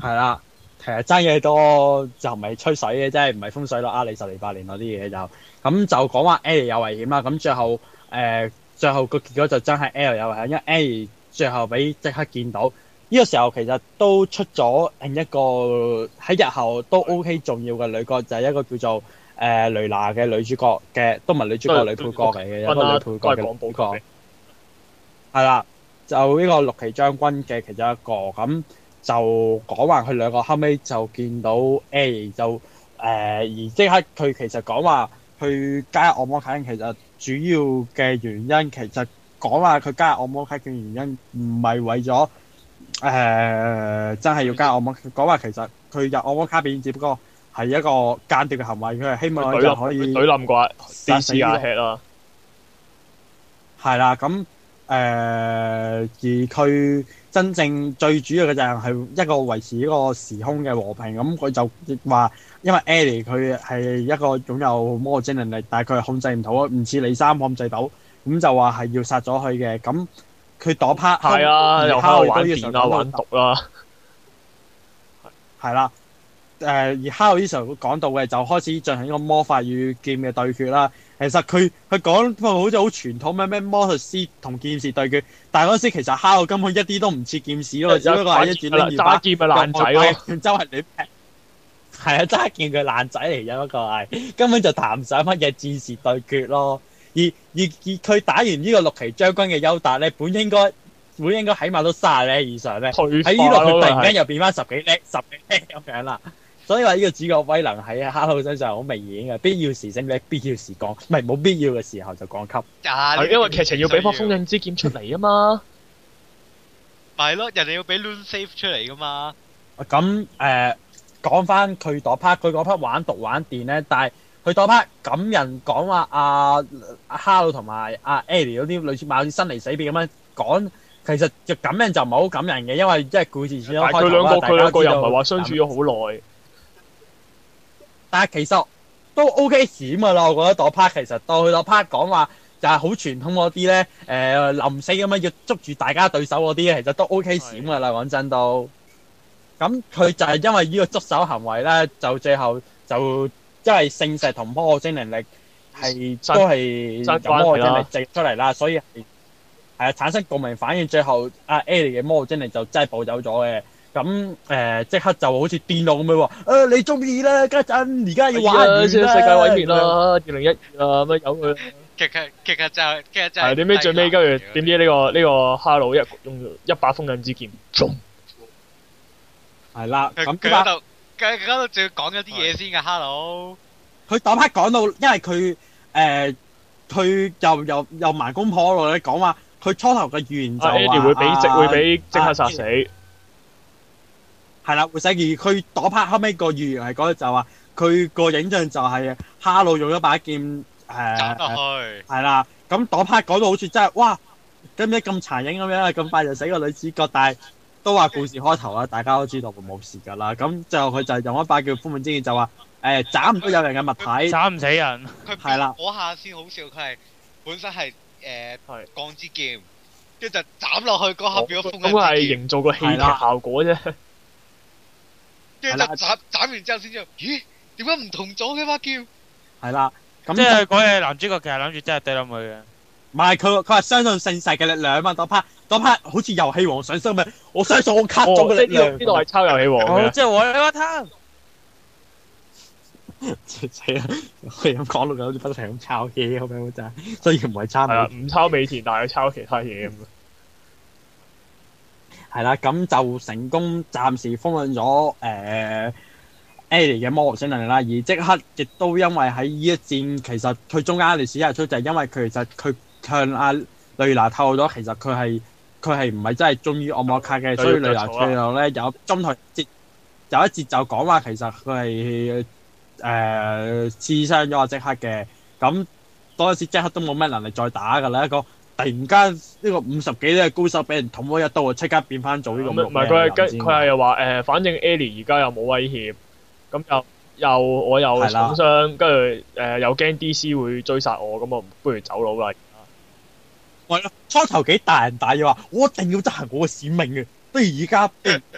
S3: 係啦，其實爭嘢多就唔係吹水嘅，真係唔係風水咯，阿、啊、你十零八年嗰啲嘢就咁就講話 Ellie 有危險啦。咁最後、呃最後個結果就真係 L 又係，因為 A 最後俾即刻見到呢個時候，其實都出咗另一個喺日後都 OK 重要嘅女角，就係一個叫做誒雷娜嘅女主角嘅，都唔係女主角，女配角嚟嘅，一個女配角嘅。係啦，就呢個六旗將軍嘅其中一個咁，就講埋佢兩個，後尾就見到 A 就誒而即刻，佢其實講話去加入惡魔卡因，其實。主要嘅原因，其實講話佢加入澳門卡片嘅原因，唔係為咗誒真係要加入澳門。講話其實佢入澳門卡片，只不過係一個間諜嘅行為。佢係希望佢可以懟冧怪，試試下吃啦。係啦，咁誒而佢。真正最主要嘅就係一個維持呢個時空嘅和平，咁佢就話，因為艾莉佢係一個擁有魔障能力，但係佢控制唔到，唔似李三控制到，咁就話係要殺咗佢嘅，咁佢躲 part，係啊，又可以玩電啊，玩毒啊，係啦。誒、呃，而哈利呢時候講到嘅就開始進行呢個魔法與劍嘅對決啦。其實佢佢講好似好傳統咩咩魔術師同劍士對決，但係嗰時其實哈利根本一啲都唔似劍士咯，就只不過係一轉輪而把劍咪爛仔周係你劈，係啊想，揸劍佢爛仔嚟嘅一個係，根本就談唔上乜嘢戰士對決咯。而而而佢打完呢個六旗將軍嘅優達咧，本應該本應該起碼都卅呎以上咧，喺呢度突然間又變翻十幾呎、是十幾呎咁樣啦。所以話呢個主角威能喺 Hello 身上好明顯嘅，必要時升叻，必要時降，唔係冇必要嘅時，時候就降級啊。劇因為劇情要俾樖封印之劍出嚟啊嘛，
S2: 咪係咯，人哋要俾 Loon save 出嚟噶嘛 (laughs) 那。咁、呃、誒，
S3: 講翻佢多 part，佢 part 玩毒玩電咧，但係佢多 part 感人講話阿阿 Hello 同埋阿 e i 嗰啲類似，貌似生離死別咁樣講，其實就感人就唔係好感人嘅，因為即係故事但佢兩個佢兩個人唔係話相處咗好耐。但係其實都 OK 閃噶啦，我覺得當 part 其實當佢當 part 講話就係好傳統嗰啲咧，誒臨死咁樣要捉住大家對手嗰啲，其實都 OK 閃噶啦，講真都。咁佢就係因為呢個捉手行為咧，就最後就因為聖石同魔晶能力係都係有魔晶力剩出嚟啦，所以係係啊產生共鳴反應，最後阿 Ali 嘅魔晶力就真係暴走咗嘅。咁誒，即、呃、刻就好似電腦咁樣誒、
S1: 啊、你中意啦，家陣而家要玩完、啊、世界毀滅啦，二
S3: 零一二咁佢。其實
S1: 其實就其
S2: 實就點知最尾
S1: 跟住點知呢個呢、這個、啊這個、哈魯一用一把鋒刃之劍，係啦。咁佢喺度佢
S2: 喺度仲要講咗啲嘢先噶。哈魯
S3: 佢當刻講到，因為佢誒，佢、呃、又又又埋公婆嗰度講話佢初頭嘅預言就阿 a、啊欸、會俾即、啊、會俾即刻殺死。啊啊係啦，會使完佢嗰 part 後尾個預言係講就話佢個影像，就係哈魯用咗把劍誒斬落去係啦，咁嗰 part 講到好似真係哇，咁樣咁殘影咁樣，咁快就死個女主角，但係都話故事開頭啦，大家都知道冇事噶啦。咁就後佢就用一把叫風捲之劍，就話誒斬唔到有人嘅物體，斬唔死人。係啦 (laughs) 的，
S2: 嗰下先好笑，佢係本身係誒鋼之劍，跟住的就斬落去嗰下，咁係
S1: 營造個戲效果啫。
S2: 跟住就斬斬完之後先知，咦？點解唔同咗
S3: 嘅嘛叫？係啦，咁即係講嘢。男主角其實諗住真係掟落去嘅。唔係佢，佢話相信盛世嘅力量嘛？當拍當拍，好似遊戲王上身咩？我相信我 cut 咗嘅呢？呢度呢度係抄遊戲王。哦，即係我喺度貪。係啊，佢咁講落去好似不停咁抄嘢，好唔好？真係雖然唔係抄，係啊，唔抄美田，但係抄其他嘢。係啦，咁就成功暫時封印咗誒艾莉嘅魔術能力啦。呃、 (music) 而即刻亦都因為喺呢一戰，其實佢中間艾莉史一出， (music) 就因為佢其實佢向阿雷娜透露咗，其實佢係，佢係唔係真係忠於惡魔卡嘅，所以雷娜最後咧有中途有一節就講話其實佢係誒刺傷咗即刻嘅。咁多一次即刻都冇咩能力再打噶啦，一個.突然間呢個五十幾咧高手俾人捅咗一刀，就即刻變翻做呢個弱雞。唔係佢係跟佢係
S1: 話誒，反正 Ellie 而家又冇威脅，咁又又我又重傷，跟住誒又驚 DC 會
S3: 追殺我，咁我不如走佬啦。係咯，初頭幾大人大嘅話，我一定要執行我嘅使命嘅，哎。不如而家，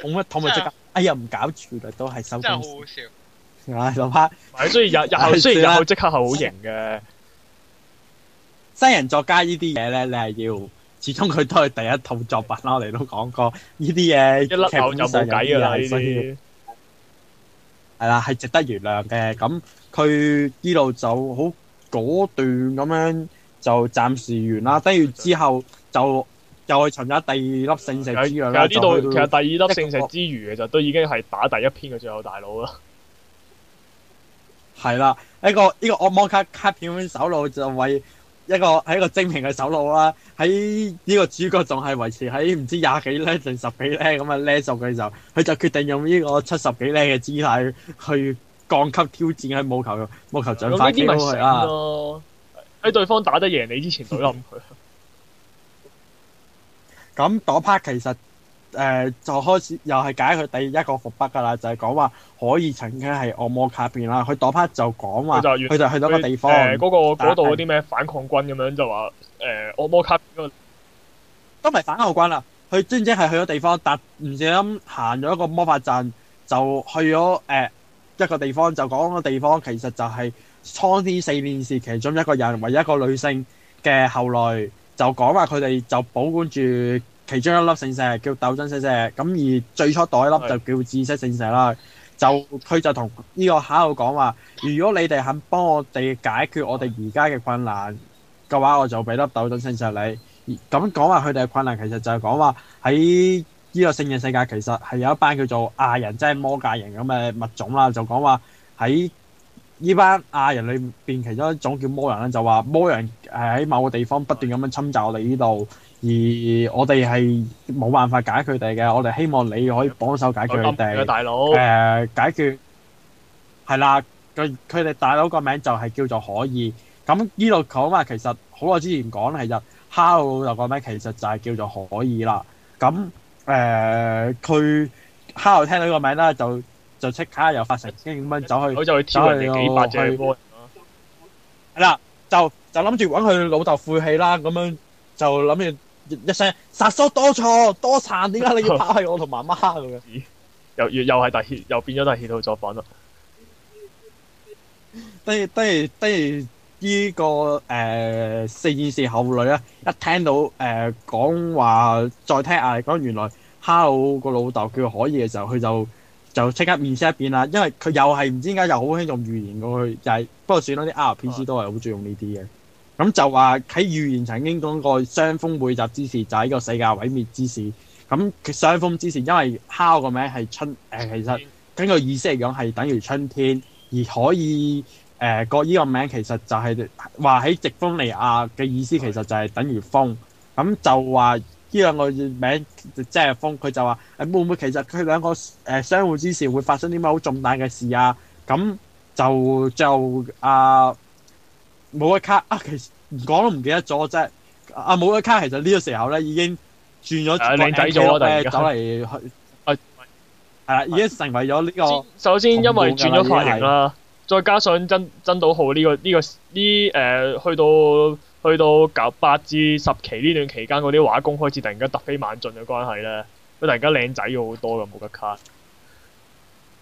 S3: 捅一捅咪即刻，哎呀唔搞住啦，都係收工。真係好笑。係，諗下，雖然日日後雖然日後即刻係好型嘅。新人作家呢啲嘢咧，你係要始終佢都係第一套作品啦。我哋都講過呢啲嘢，劇本上係啦，係啦，係值得原諒嘅。咁佢呢度就好果斷咁樣就暫時完啦。跟住之後就又去尋找第二粒聖石。其實呢度其實第二粒聖石
S1: 之餘嘅就都已經係打第一篇嘅最後大佬啦。
S3: 係啦，呢個呢個惡魔卡卡片手路就為。一個喺一個精明嘅首腦啦，喺呢個主角仲係維持喺唔知廿幾呎定十幾呎咁嘅叻熟嘅時候，佢就決定用呢個七十幾呎嘅姿態去降級挑戰喺務求務求掌法擊落去啦。
S1: 喺他對方打得贏你之前冇諗佢。
S3: 咁躲拍其實。誒、呃，就開始又係解佢第一個伏筆噶啦，就係講話可以曾經係惡魔卡片啦。佢嗰 part 就講話，佢就去到個地方，嗰但、呃那個嗰度嗰啲
S1: 咩反抗軍咁樣就話，誒、呃，惡魔卡片
S3: 都唔係反抗軍啦。佢專正係去咗地方，但唔小心行咗一個魔法陣，就去咗誒、呃、一個地方，就講個地方其實就係蒼天四面時其中一個人，唯一一個女性嘅，後來就講話佢哋就保管住。其中一粒聖石叫鬥爭聖石，咁而最初第一粒就叫知識聖石啦。的就佢就同呢個蝦有講話，如果你哋肯幫我哋解決我哋而家嘅困難嘅話，我就俾粒鬥爭聖石你。咁講話佢哋嘅困難，的困難其實就係講話喺呢個聖人世界，其實係有一班叫做亞人，即係魔界人咁嘅物種啦。就講話喺。依班亞人裏邊其中一種叫魔人咧，就話魔人係喺某個地方不斷咁樣侵襲我哋呢度，而我哋係冇辦法解決佢哋嘅，我哋希望你可以幫手解決佢哋。解決大佬，誒解決係啦。佢佢哋大佬個名就係叫做可以。咁呢度講話其實好耐之前講係日，哈爾就個名其實就係叫做可以啦。咁誒，佢哈爾聽到個名咧就。就即刻又發神經咁樣走去，佢就去挑人哋幾百隻波。係啦，就就諗住搵佢老豆晦氣啦，咁樣就諗住一聲殺所多錯多殘，點解你要拋棄我同媽媽嘅？
S1: 又又又係大戲，又變咗大戲
S3: 套作品啦。不如不如不如呢個誒、呃、四件事后女啦，一聽到誒講、呃、話再聽啊，講原來 hello 個老豆叫可以嘅時候，佢就。就即刻面色一變啦，因為佢又係唔知點解又好興用預言過去，就係、是、不過算咯啲 RPG 都係好中意用呢啲嘅。咁、哦、就話喺預言曾經講過雙風會集之時，就一、是、個世界毀滅之時。咁雙風之時，因為烤個名係春、呃，其實根據意思嚟講係等於春天，而可以誒個呢個名其實就係話喺直風尼亞嘅意思，其實就係等於風。咁的就話。呢兩個名即係封佢就話誒會唔會其實佢兩個誒相遇之時會發生啲咩好重大嘅事啊？咁就就阿冇一卡啊，其實唔講都唔記得咗啫。阿冇一卡其實呢個時候咧已經轉咗靚仔咗啦，突然間走嚟去係啦，已經成為咗呢個。
S1: 首先因為轉咗牌型啦，再加上曾曾倒浩呢個呢個呢誒去到。去到九八至十期呢段期間，嗰啲畫工開始突然間突飛猛進嘅關係咧，佢突然間靚仔咗好多嘅，冇得卡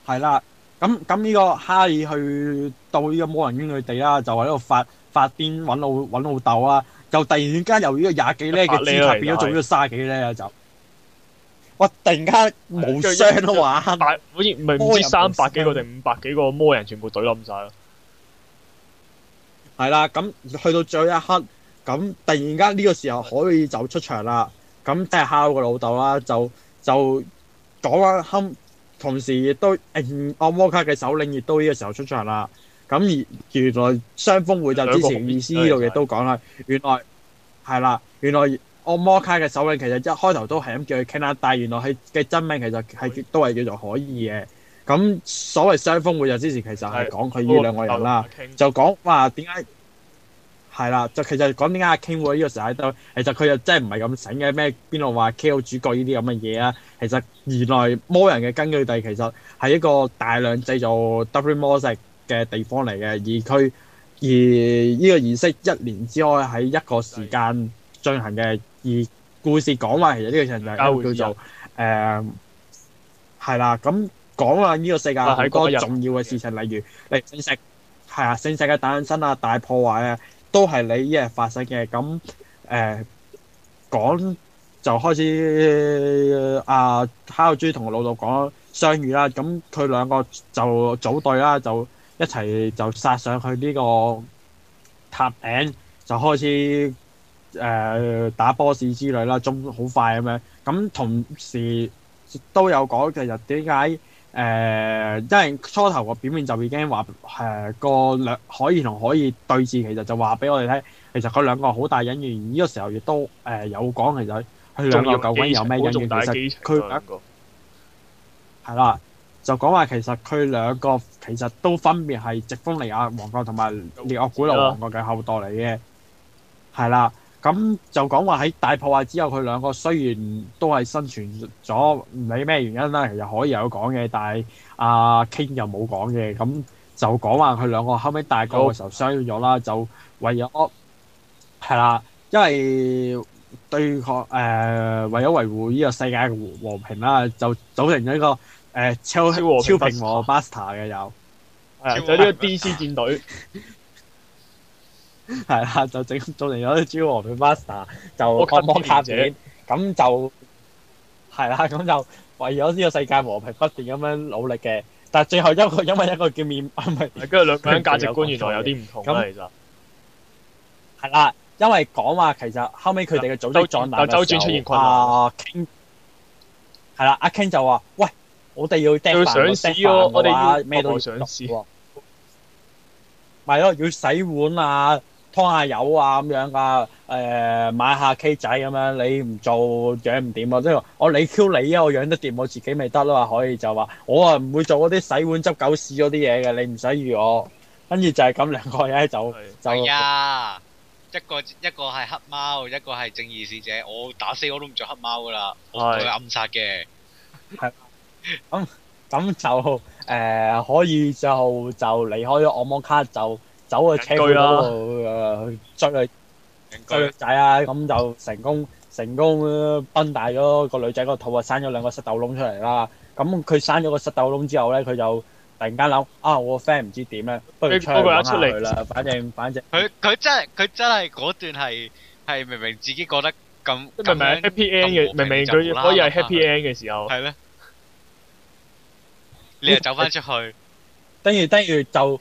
S3: 係啦。咁咁呢個哈爾去到呢個魔人軍團地啦，就喺度發發癲，搵老搵老豆啊！又突然間由呢個廿幾呢嘅姿態變咗做咗卅幾幾呢。了就
S2: 哇，突然間無雙都話，
S1: 了好似唔知三百幾個定五百幾個魔人全部懟冧晒啦～
S3: 係啦，咁去到最後一刻，咁突然間呢個時候可以走出場啦，咁即係蝦個老豆啦，就就講翻堪，同時亦都嗯、按摩卡嘅首領亦都呢個時候出場啦，咁而原來雙峰會就之前意思呢度嘅都講啦，原來係啦，原來按摩卡嘅首領其實一開頭都係咁叫佢傾啦，但係原來佢嘅真名其實係以都係叫做可以嘅。咁所謂雙峰會就之前，其實係講佢呢兩個人啦，就講話點解係啦，就其實講點解阿 King 會呢個時候喺度，其實佢又真係唔係咁醒嘅咩？邊度話 K.O. 主角呢啲咁嘅嘢啊？其實原來魔人嘅根據地其實係一個大量製造 W 魔石嘅地方嚟嘅，而佢而呢個儀式一年之外喺一個時間進行嘅，而故事講話其實呢個就係叫做誒係啦，咁。講啊！呢個世界好多重要嘅事情，例如，聖石係啊，聖石嘅誕生啊，大破壞啊，都係你一日發生嘅。咁，誒、呃，講就開始啊，哈爾朱同老豆講相遇啦、啊。咁佢兩個就組隊啦、啊，就一齊就殺上去呢個塔頂，就開始誒、呃、打 boss 之類啦、啊，仲好快咁、啊、樣。咁同時都有講，其實點解？誒、呃，因為初頭個表面就已經話誒、呃、個兩海鹽同可以對峙，其實就話俾我哋聽，其實佢兩個好大因緣。呢、這個時候亦都誒、呃、有講，其實佢兩個究竟有咩因緣？大其實佢係啦，就講話其實佢兩個其實都分別係直封尼亞王國同埋烈惡古羅王國嘅後代嚟嘅，係啦。咁就講話喺大破壞之後，佢兩個雖然都係生存咗，唔理咩原因啦，其實可以有講嘅，但係啊，King 又冇講嘅，咁就講話佢兩個後尾大個嘅時候相遇咗啦，就為咗係啦，因為對抗誒，為咗維護呢個世界嘅和平啦，就組成咗一個誒超超平和 Buster 嘅又，係啊，就呢個 DC 戰隊。係啦，就整做成咗啲諸侯對 master，就各幫卡住，咁就係啦，咁就為咗呢個世界和平不斷咁樣努力嘅，但係最後一個因為一個叫面，唔係，跟住兩個價值觀原來有啲唔同啦，其實係啦，因為講話其實後尾佢哋嘅組織周轉出現困難啊，King 係啦，阿 King 就話，喂，我哋要釘飯，我哋要咩都想試係咯，要洗碗啊！劏下友啊咁樣啊，誒、呃、買下 K 仔咁樣，你唔做養唔掂啊？即係我你 Q 你啊，我養得掂，我自己咪得咯？可以就話我啊，唔會做嗰啲洗碗、執狗屎嗰啲嘢嘅，你唔使預我。跟住就係咁兩個人就就係啊，
S2: 一個一個係黑貓，一個係正義使者。我打死我都唔做黑貓噶啦，的我會暗殺嘅。
S3: 咁咁就誒可以就、呃、可以就離開咗按摩卡就。走去車管嗰度，誒，追佢追女仔啊！咁就成功成功崩大咗個女仔個肚啊，生咗兩個濕豆窿出嚟！啦！咁佢生咗個濕豆窿之後咧，佢就突然間諗：啊，我個 friend 唔知點咧，不如槍下佢啦！反正反正，
S2: 佢佢真係佢真係嗰段係係明明自己覺得咁咁 happy end 嘅，明明佢可以係 happy end 嘅時候，係咧，你就走翻出去，
S3: 跟住跟住就。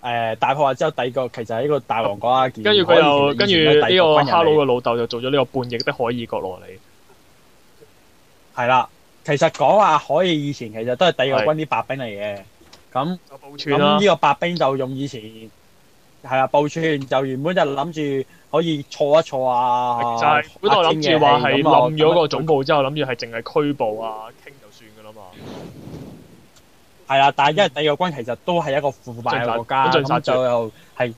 S3: 誒、呃，大破壞之後第二個其實係一個大王瓜，啊，跟住佢又跟住呢個哈魯嘅老豆就
S1: 做咗呢個叛逆的海爾角羅嚟，
S3: 係啦。其實講話海爾以前其實都係帝國軍啲白兵嚟嘅，咁呢個白兵就用以前係啊，報穿就原本就諗住可以錯一錯啊，就係。佢都諗住話係冧咗個總部之後，諗住係淨係拘捕啊。係啦，但係因為第二個君其實都係一個腐敗嘅國家，咁最後係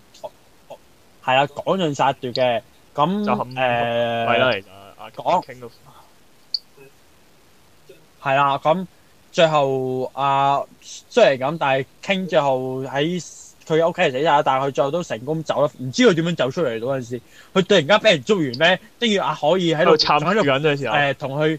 S3: 係啊，趕盡殺絕嘅，咁誒係啦，
S1: 其實講
S3: 係啦，咁說、啊、最後啊，雖然咁，但係傾最後喺佢屋企死晒，但係佢最後都成功走啦，唔知佢點樣走出嚟。嗰陣時，佢突然間俾人捉完咩？跟住啊可以喺度撐住緊嘅時候，誒同佢。呃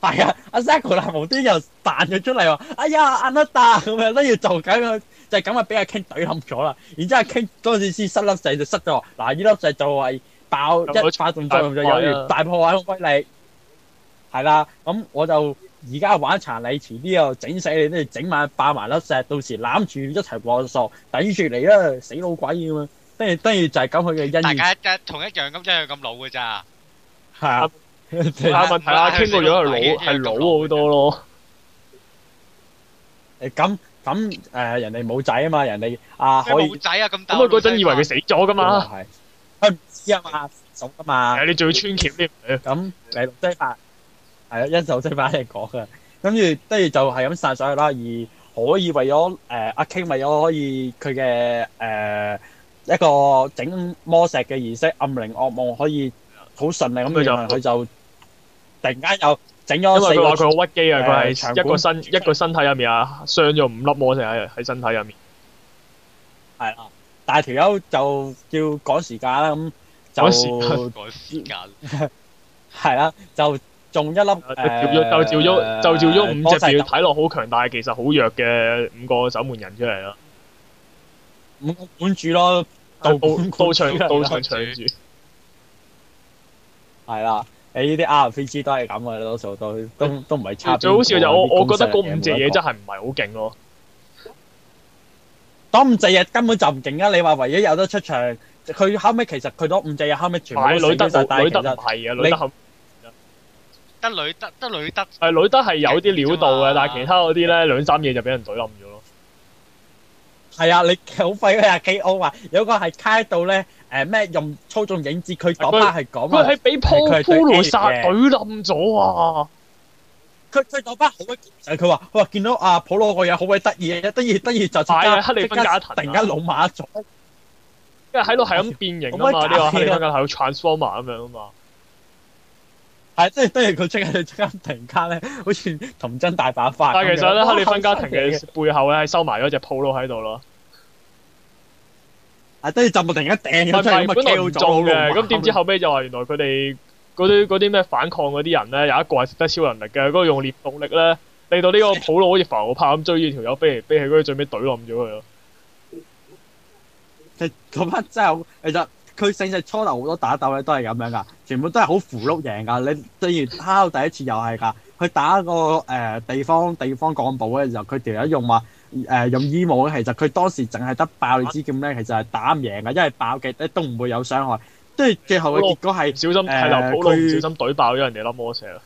S3: 係啊，阿 Sakura 無端又彈咗出嚟，話，哎呀，Another 咁樣都要做緊，就咁啊俾阿 King 懟冧咗啦。然之後阿 King 嗰陣時先失粒掣就失咗，嗱呢粒掣就係爆一發動作用，就大破壞好犀利。係啦，咁我就而家玩殘你，遲啲又整死你，跟住整埋爆埋粒石，到時攬住一齊過索，等住嚟啦，死老鬼咁樣！跟住跟住就係咁佢嘅恩怨，大
S2: 家一同一樣咁真係咁老嘅咋？係
S3: 啊。其他問題啦，阿 King 個樣係
S2: 老，係老
S3: 好多咯。誒，咁咁誒，人哋冇仔啊嘛，人哋啊可以冇仔啊，咁咁嗰陣以為佢死咗噶嘛，佢唔知啊嘛，阿嫂噶嘛。誒，你仲要穿橋添？咁李龍西法係啊，因手西法嚟講嘅，跟住跟住就係咁散上去啦，而可以為咗誒阿 King 為咗可以佢嘅誒一個整魔石嘅儀式暗靈惡夢可以好順利咁，佢就佢就。突然間又整咗，因為佢話佢好屈機啊！佢係一個身
S1: 一個身體入面啊，傷咗五粒魔石喺喺
S3: 身體入面。係啊，但係條友就叫趕時間啦，咁
S1: 就趕時間。
S3: 係啦，就中一粒誒，就照咗就照咗五隻睇
S1: 落好強大，其實好弱嘅五個守門人
S3: 出嚟啦。五管主咯，都都搶都搶搶住，係啦。你呢啲 RPG 都係咁嘅，多數都都都唔係差。最好笑就我，我覺得嗰五隻嘢真係唔係好勁咯。得五隻嘢根本就唔勁啊！你話唯一有得出場，佢後尾其實佢嗰五隻嘢後尾全部都是女得女晒，但係唔係啊，女
S2: 得
S1: 得
S3: 女得。係女得係有啲料到嘅，但係其他嗰啲咧兩三嘢就俾人懟冧咗。係啊，你好廢啊！k 基歐話有個係卡喺度咧，誒、呃、咩用操縱影子？佢嗰 part 係講，佢係俾普魯羅薩懟冧咗啊！佢佢嗰 part 好鬼，佢話佢話見到阿普羅個嘢好鬼得意，得意得意就即刻黑利芬加突然間老馬咗，
S1: 即係喺度係咁變形啊嘛！呢個黑利芬加係會 transformer 咁樣啊嘛。係，即係，跟住佢即刻，即刻突然間咧，好似童真大爆發。但係其實咧，克里芬家庭嘅背後咧，係收埋咗隻普魯喺度咯。係，跟住就突然間掟咗出去，是是本嚟嘅，咁點知後尾就話原來佢哋嗰啲啲咩反抗嗰啲人咧，有一個係食得超能力嘅，嗰、嗰個用獵捕力咧，嚟到呢個普魯好似浮拍咁追住條友飛嚟飛去，嗰啲最尾懟
S3: 冧咗佢咯。誒，咁真係，誒，佢盛世初頭好多打鬥咧都係咁樣噶，全部都係好扶碌贏噶。你例如他第一次又係噶，佢打個誒地方地方幹部咧，就佢條友用話誒用衣物咧，其實佢當時淨係得爆，你知唔知點咧？其實係打唔贏噶，因為爆極都唔會有傷害。即係最後嘅結果係小心，係劉普魯小心
S1: 懟爆咗人哋粒魔石啦。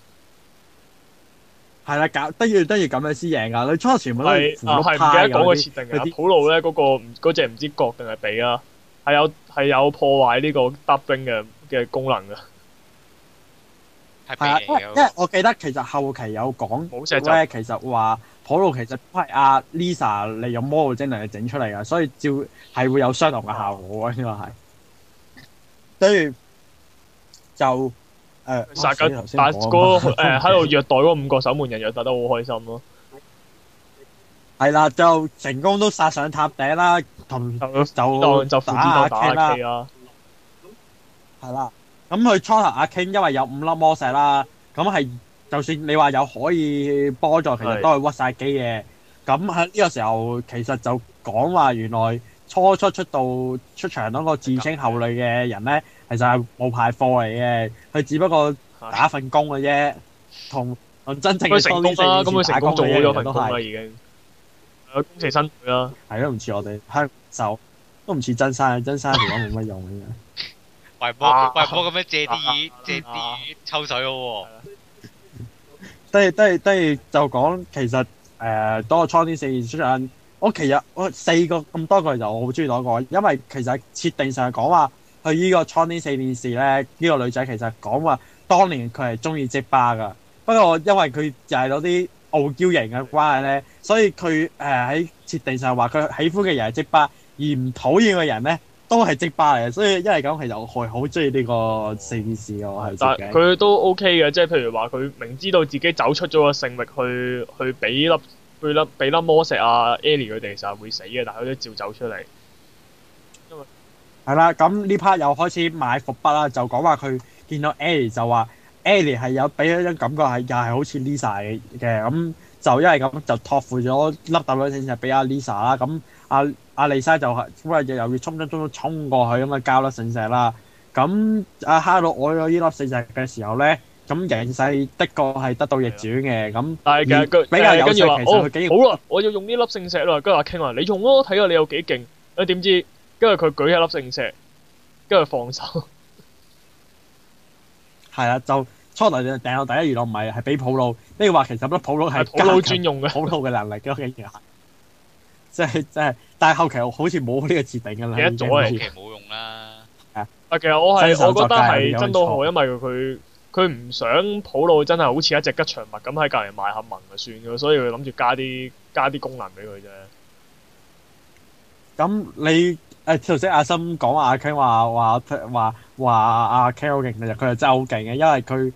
S3: 係啦，搞都要都要咁樣先贏噶。你初頭全部都係唔記得講個設定
S1: 噶。普魯咧嗰個唔嗰隻唔知角定係鼻啊？係有係有破壞呢個 Dubbing 嘅嘅功能嘅，
S2: 係啊，因為因為
S3: 我記得其實後期有講，咧其實話普露其實都係阿 Lisa 利用魔女精靈整出嚟嘅，所以照係會有相同嘅效果嘅應該係。跟住就
S2: 誒殺緊但係嗰個誒喺度虐
S3: 待嗰五個守門人，虐待得好開心咯、啊。係啦，就成功都殺上塔頂啦，同就就打下 K 啦。係啦，咁佢初頭阿 King 因為有五粒魔石啦，咁係就算你話有可以幫助，其實都係屈晒機嘅。咁喺呢個時候，其實就講話原來初初出道出場嗰個自稱後裔嘅人咧，其實係冒牌貨嚟嘅，佢只不過打份工嘅啫，同真正嘅的。正成功咁、啊、佢成功做好咗份工啦，都是已經。有公字身對啦，係咯、嗯，唔、嗯、似、嗯、我哋黑手，都唔似真生，真生嚟講冇乜用嘅、啊。快
S2: 波， (laughs) 快波咁樣借啲耳，借啲抽、啊、水咯。
S3: 都係，都係，都係，就講其實誒、呃，當個創天四件事，我其實我四個咁多個人，就我好中意攞個，因為其實設定上係講話，係呢個創天四件事咧，呢、這個女仔其實講話當年佢係中意即巴噶，不過我因為佢就係攞啲。傲嬌型嘅關係咧，所以佢誒喺設定上話佢喜歡嘅人係直巴，而唔討厭嘅人咧都係直巴嚟，所以因為咁係又還好中意呢個四 B 四嘅，係、哦、但係佢
S1: 都 OK 嘅，即係譬如話佢明知道自己走出咗個聖域去去俾粒俾粒俾粒魔石啊 Ellie 佢哋就實係會死嘅，但係佢都照走出嚟。
S3: 係啦，咁呢 part 又開始買伏筆啦，就講話佢見到 Ellie 就話。Ali 係有俾一種感覺係又係好似 Lisa 嘅，咁就因為咁就託付咗粒豆女聖石俾阿 Lisa 啦、啊。咁阿阿麗莎就係喂、哎，又要匆匆匆匆衝過去咁、嗯、啊，交粒聖石啦。咁阿哈洛攞咗呢粒聖石嘅時候咧，咁形勢的確係得到逆轉嘅。咁但係比較有趣，跟說其實佢竟、哦、好啦，
S1: 我要用呢粒聖石啦。跟住阿 King 話，你用咯，睇下你有幾勁。誒點知跟住佢舉一粒聖石，跟住放手。
S3: 係啦，就初頭訂到第一娛樂唔係係俾普魯呢個話，你說其實得普魯係普魯專用嘅，普魯嘅能力嘅嗰件嘢，即係即係，但係後期好似冇呢個設定嘅啦，早期
S1: 冇用啦，啊，其實我係我覺得係真都好，因為佢佢唔想普魯真係好似一隻吉祥物咁喺隔籬賣下萌就算咗。所以佢諗住加啲加啲功能俾佢啫。
S3: 咁、嗯、你？誒，頭先阿森講話阿 king 話話話話阿 king 好勁，佢係真係好勁嘅，因為佢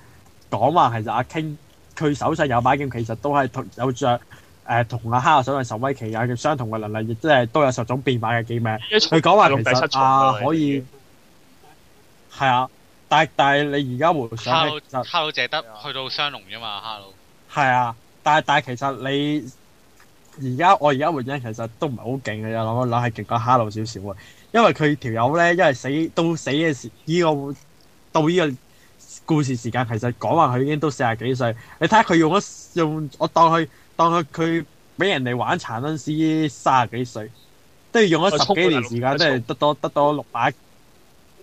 S3: 講話其實阿 king 佢手上有把劍，其實都係有着誒同阿哈所謂神威期啊，相同嘅能力，亦即係都有十種變化嘅幾名，佢講話其實第七啊，可以係啊，但但係你而家回想 hello，hello
S2: 只得去到雙龍啫嘛，hello
S3: 係啊，但係但係其實你。而家我而家玩嘅其實都唔係好勁嘅，我諗諗係勁過哈羅少少啊。因為佢條友咧，因為死到死嘅時，呢個到呢個故事時間，其實講話佢已經都四十幾歲。你睇下佢用咗用我當佢當佢佢俾人哋玩殘嗰陣時三十幾歲，都要用咗十幾年時間，都要得到，到得到，到六百，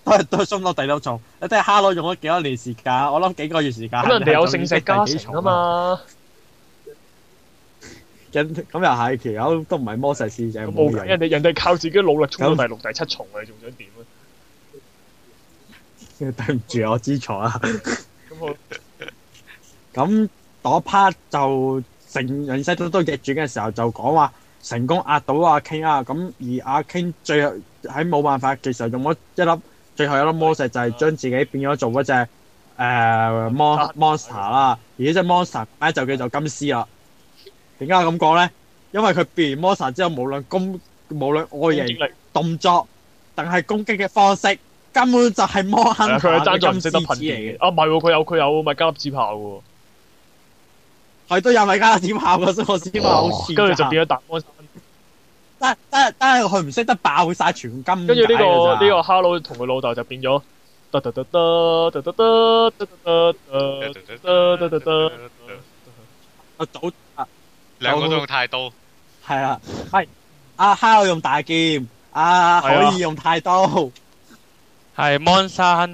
S3: 都係都鬆到第到六重。你睇下哈羅用咗幾多年時間，我諗幾個月時間，咁人哋有勝勢加成幾重啊嘛。嗯咁又係，其他都唔係魔石師，就係咁，人哋人
S1: 哋靠自己努力做到第六、第七重，那你仲想點啊？
S3: 對唔住，我知錯啦我。咁我咁嗰 part 就成人世都都逆轉嘅時候，就講話成功壓到阿 King 啊。咁而阿 King 最後喺冇辦法嘅時候，其實用咗一粒最後一粒魔石，就係將自己變咗做嗰隻誒 monster 啦。啊、而呢隻 monster 就叫做金絲啦。啊啊點解咁講咧？因為佢變魔神之後，無論攻、無論外形、力、動作，定係攻擊嘅方式，根本就係魔亨打金獅子嚟嘅、啊、佢唔識得噴嘢嘅。啊，唔係，佢有佢有，咪
S1: 加粒子炮嘅。
S3: 係都有咪加粒子炮嘅，所以我先話。跟住、哦、就變咗大魔神。但但但係佢唔識得爆晒全金。這個這個、跟住呢
S1: 個呢個 Hello 同佢老豆就變咗。 (laughs) 啊
S3: 兩個都用太刀，係、哦、啊，係阿烤用大劍，阿、啊、可以用太刀，係 Monster、啊、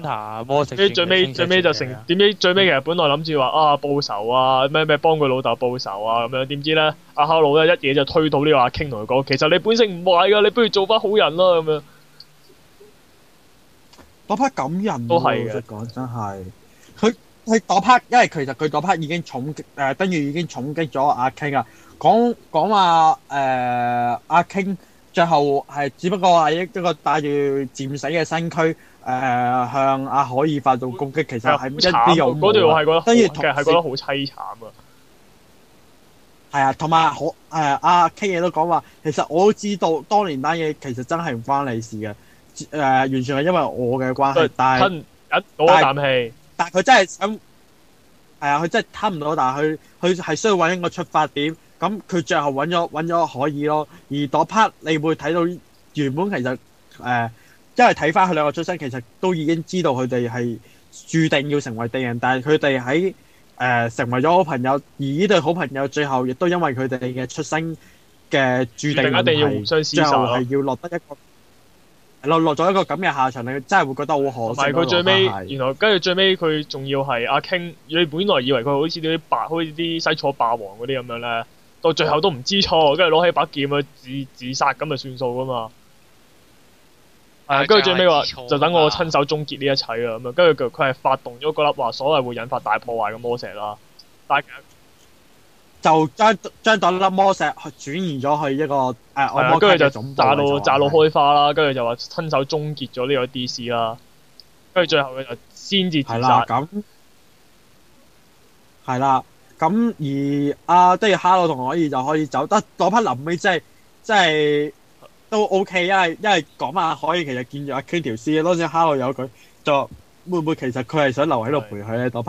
S3: (laughs) Hunter，呢 (laughs) 最尾最尾就成
S1: 點知 (laughs) 最尾其實本來諗住話啊報仇啊咩咩幫佢老豆報仇啊咁樣呢，點知咧阿烤佬咧一嘢就推到呢個阿傾同佢講，其實你本性唔壞噶，你不如做翻好人啦咁樣，
S3: 做翻感人、啊，都係嘅，真係。佢嗰 part，因為其實佢嗰 part 已經重擊，誒，等於已經重擊咗阿 King 講講啊。講講話，誒，阿 King 最後係只不過係一個帶住戰死嘅身軀，誒，向阿可以發動攻擊，其實係一啲用段我嗰條得，個咯，其實係覺得好淒慘啊。係啊，同埋我，誒，阿 King 亦都講話，其實我知道當年單嘢其實真係唔關你事嘅，誒、呃，完全係因為我嘅關係。哎、但係，一啖氣。但佢真係想，係、呃、啊，佢真係差唔多。但係佢佢係需要揾一個出發點。咁佢最後揾咗揾咗可以咯。而朵拋你會睇到原本其實誒、呃，因為睇翻佢兩個出身，其實都已經知道佢哋係注定要成為敵人。但係佢哋喺誒成為咗好朋友，而呢對好朋友最後亦都因為佢哋嘅出生嘅注定唔係，定一定要最後係要落得一個。落落咗一個咁嘅下場，你真係會覺得好可惜。但係佢最尾，是
S1: 原來跟住最尾佢仲要係阿 King。你本來以為佢好似啲霸，好似啲西楚霸王嗰啲咁樣咧，到最後都唔知錯，跟住攞起把劍去自自殺咁咪算數㗎嘛。係跟住最尾話、啊、就等我親手終結呢一切㗎。咁啊，跟住佢佢係發動咗嗰粒話所謂會引發大破壞嘅魔石啦，但
S3: 就將將到粒魔石去轉移咗去一個誒，我跟住就炸到炸到
S1: 開花啦，跟住就話親手終結咗呢個 D.C. 啦，跟住最後佢就先至係啦咁，
S3: 係啦咁而啊，的哈魯同學可以就可以走得嗰 part 臨尾真係真係都 O.K.，因為因為講下可以其實見咗阿 K 條屍，當時哈魯有佢，就會唔會其實佢係想留喺度陪佢咧嗰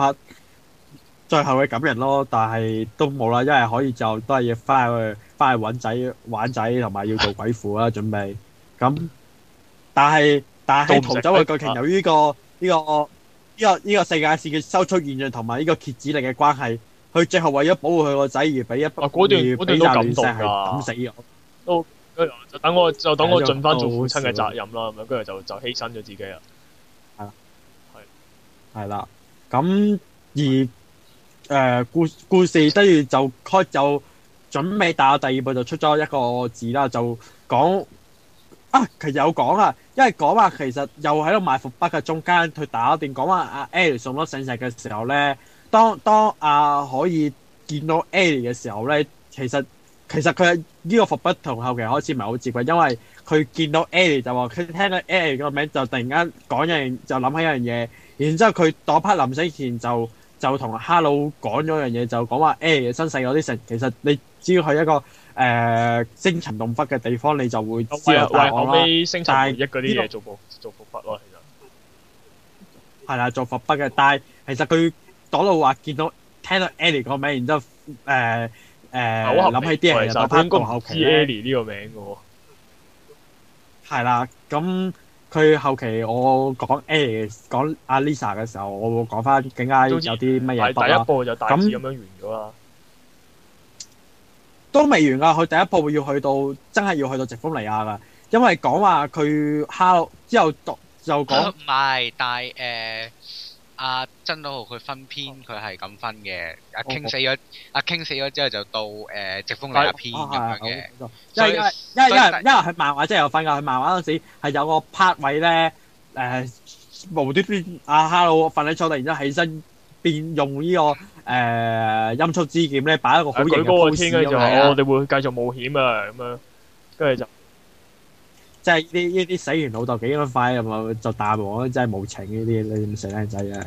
S3: 最後嘅感人咯，但係都冇啦，因為可以就都係要翻去翻去搵仔玩仔，同埋要做鬼父啦，準備咁。但係但係逃走嘅劇情，由於、啊這個呢個呢個呢個世界線嘅收出現象，同埋呢個蠍子力嘅關係，佢最後為咗保護佢個仔而俾一筆，嗰段嗰段都感動噶，點死咗？
S1: 都就等我就等我盡翻做父親嘅責任啦，咁跟住就就犧牲咗自己啦。
S3: 係係啦，咁了而。誒，故故事跟住就開就準備打第二部就出咗一個字啦，就講啊，其實有講啊，因為講話其實又喺度埋伏筆嘅中間佢打一段講話阿艾麗送咗醒石嘅時候咧，當當阿可以見到艾麗嘅時候咧，其實其實佢呢個伏筆同後期開始唔係好接軌，因為佢見到艾麗就話佢聽到艾麗嘅名就突然間講一樣，就諗起一樣嘢，然之後佢嗰 part 臨死前就。就同哈佬講咗樣嘢，就講話誒新世界啲城，其實你只要去一個誒星塵洞窟嘅地方，你就會知道大行啦。但係呢六做
S1: 伏做伏筆咯，其實
S3: 係啦，做伏筆嘅。但係其實佢講到話見到聽到 Ali 個名，然之後誒誒諗起啲人又打翻黃後期 Ali 呢個名嘅喎，係啦，咁。佢後期我講誒講阿 Lisa 嘅時候，我會講翻更加有啲乜嘢。第一步就咁樣完咗啦，都未完噶，佢第一步會要去到真係要去到直夫尼亞噶，因為講話佢哈之後讀就講
S2: 唔係、啊，但係誒。呃阿真島浩佢分篇，佢係咁分嘅。阿 King 死咗，阿 King 死咗之後就到誒疾風利下篇咁樣嘅。因為因為因為
S3: 喺漫畫即係我瞓覺喺漫畫嗰陣時係有個 part 位咧誒無端端阿 Hello 瞓喺牀度，然之後起身變用呢個誒音速之劍咧，擺一個好型嘅 pose。跟住就我哋會繼續冒險啊咁樣，跟住就。即係呢呢啲死完老豆幾咁快，咁啊就淡忘咯！真係無情呢啲，你唔死靚仔啊！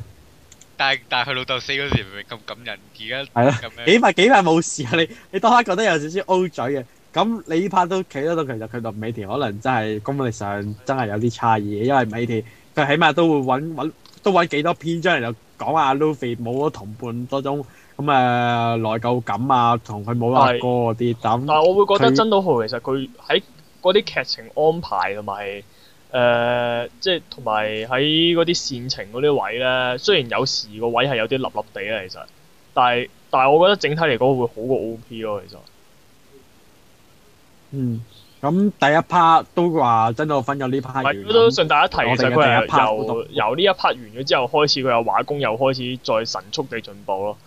S3: 但係但係佢老豆死嗰時咪咁感
S2: 人，而家係咯，幾快幾
S3: 快冇事啊！你你當刻覺得有少少 O 嘴嘅，咁你呢 part 都企得到，其實佢同尾田可能真係功力上真係有啲差異，因為尾田佢起碼都會揾揾都揾幾多篇章嚟就講阿 Luffy 冇咗同伴嗰種咁啊內疚感啊，同佢冇阿哥嗰啲咁。但係我會覺得真
S1: 島浩其實佢喺。嗰啲劇情安排同埋誒，即係同埋喺嗰啲線程嗰啲位咧，雖然有時個位係有啲立立地嘅，其實，但係但係我覺得整體嚟講會好過 OP 咯，其實。
S3: 嗯，咁第一 part 都話真到分咗呢 part 完。我都想
S1: 順帶一提，一其實佢係由由呢一 part 完咗之後開始，佢嘅畫工又開始再神速地進步咯。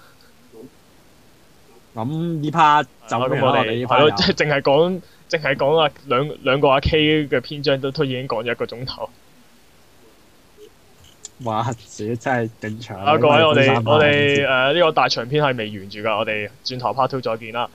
S3: 咁
S1: 呢 part 就咁、嗯、我哋，即係淨係講。 (laughs) 淨係講阿兩兩個阿 K 嘅篇章都都已經講咗一個鐘頭，
S3: 哇！這真係正常。各位我哋我哋
S1: 誒呢個大長篇係未完住㗎，我哋轉頭 part two 再見啦。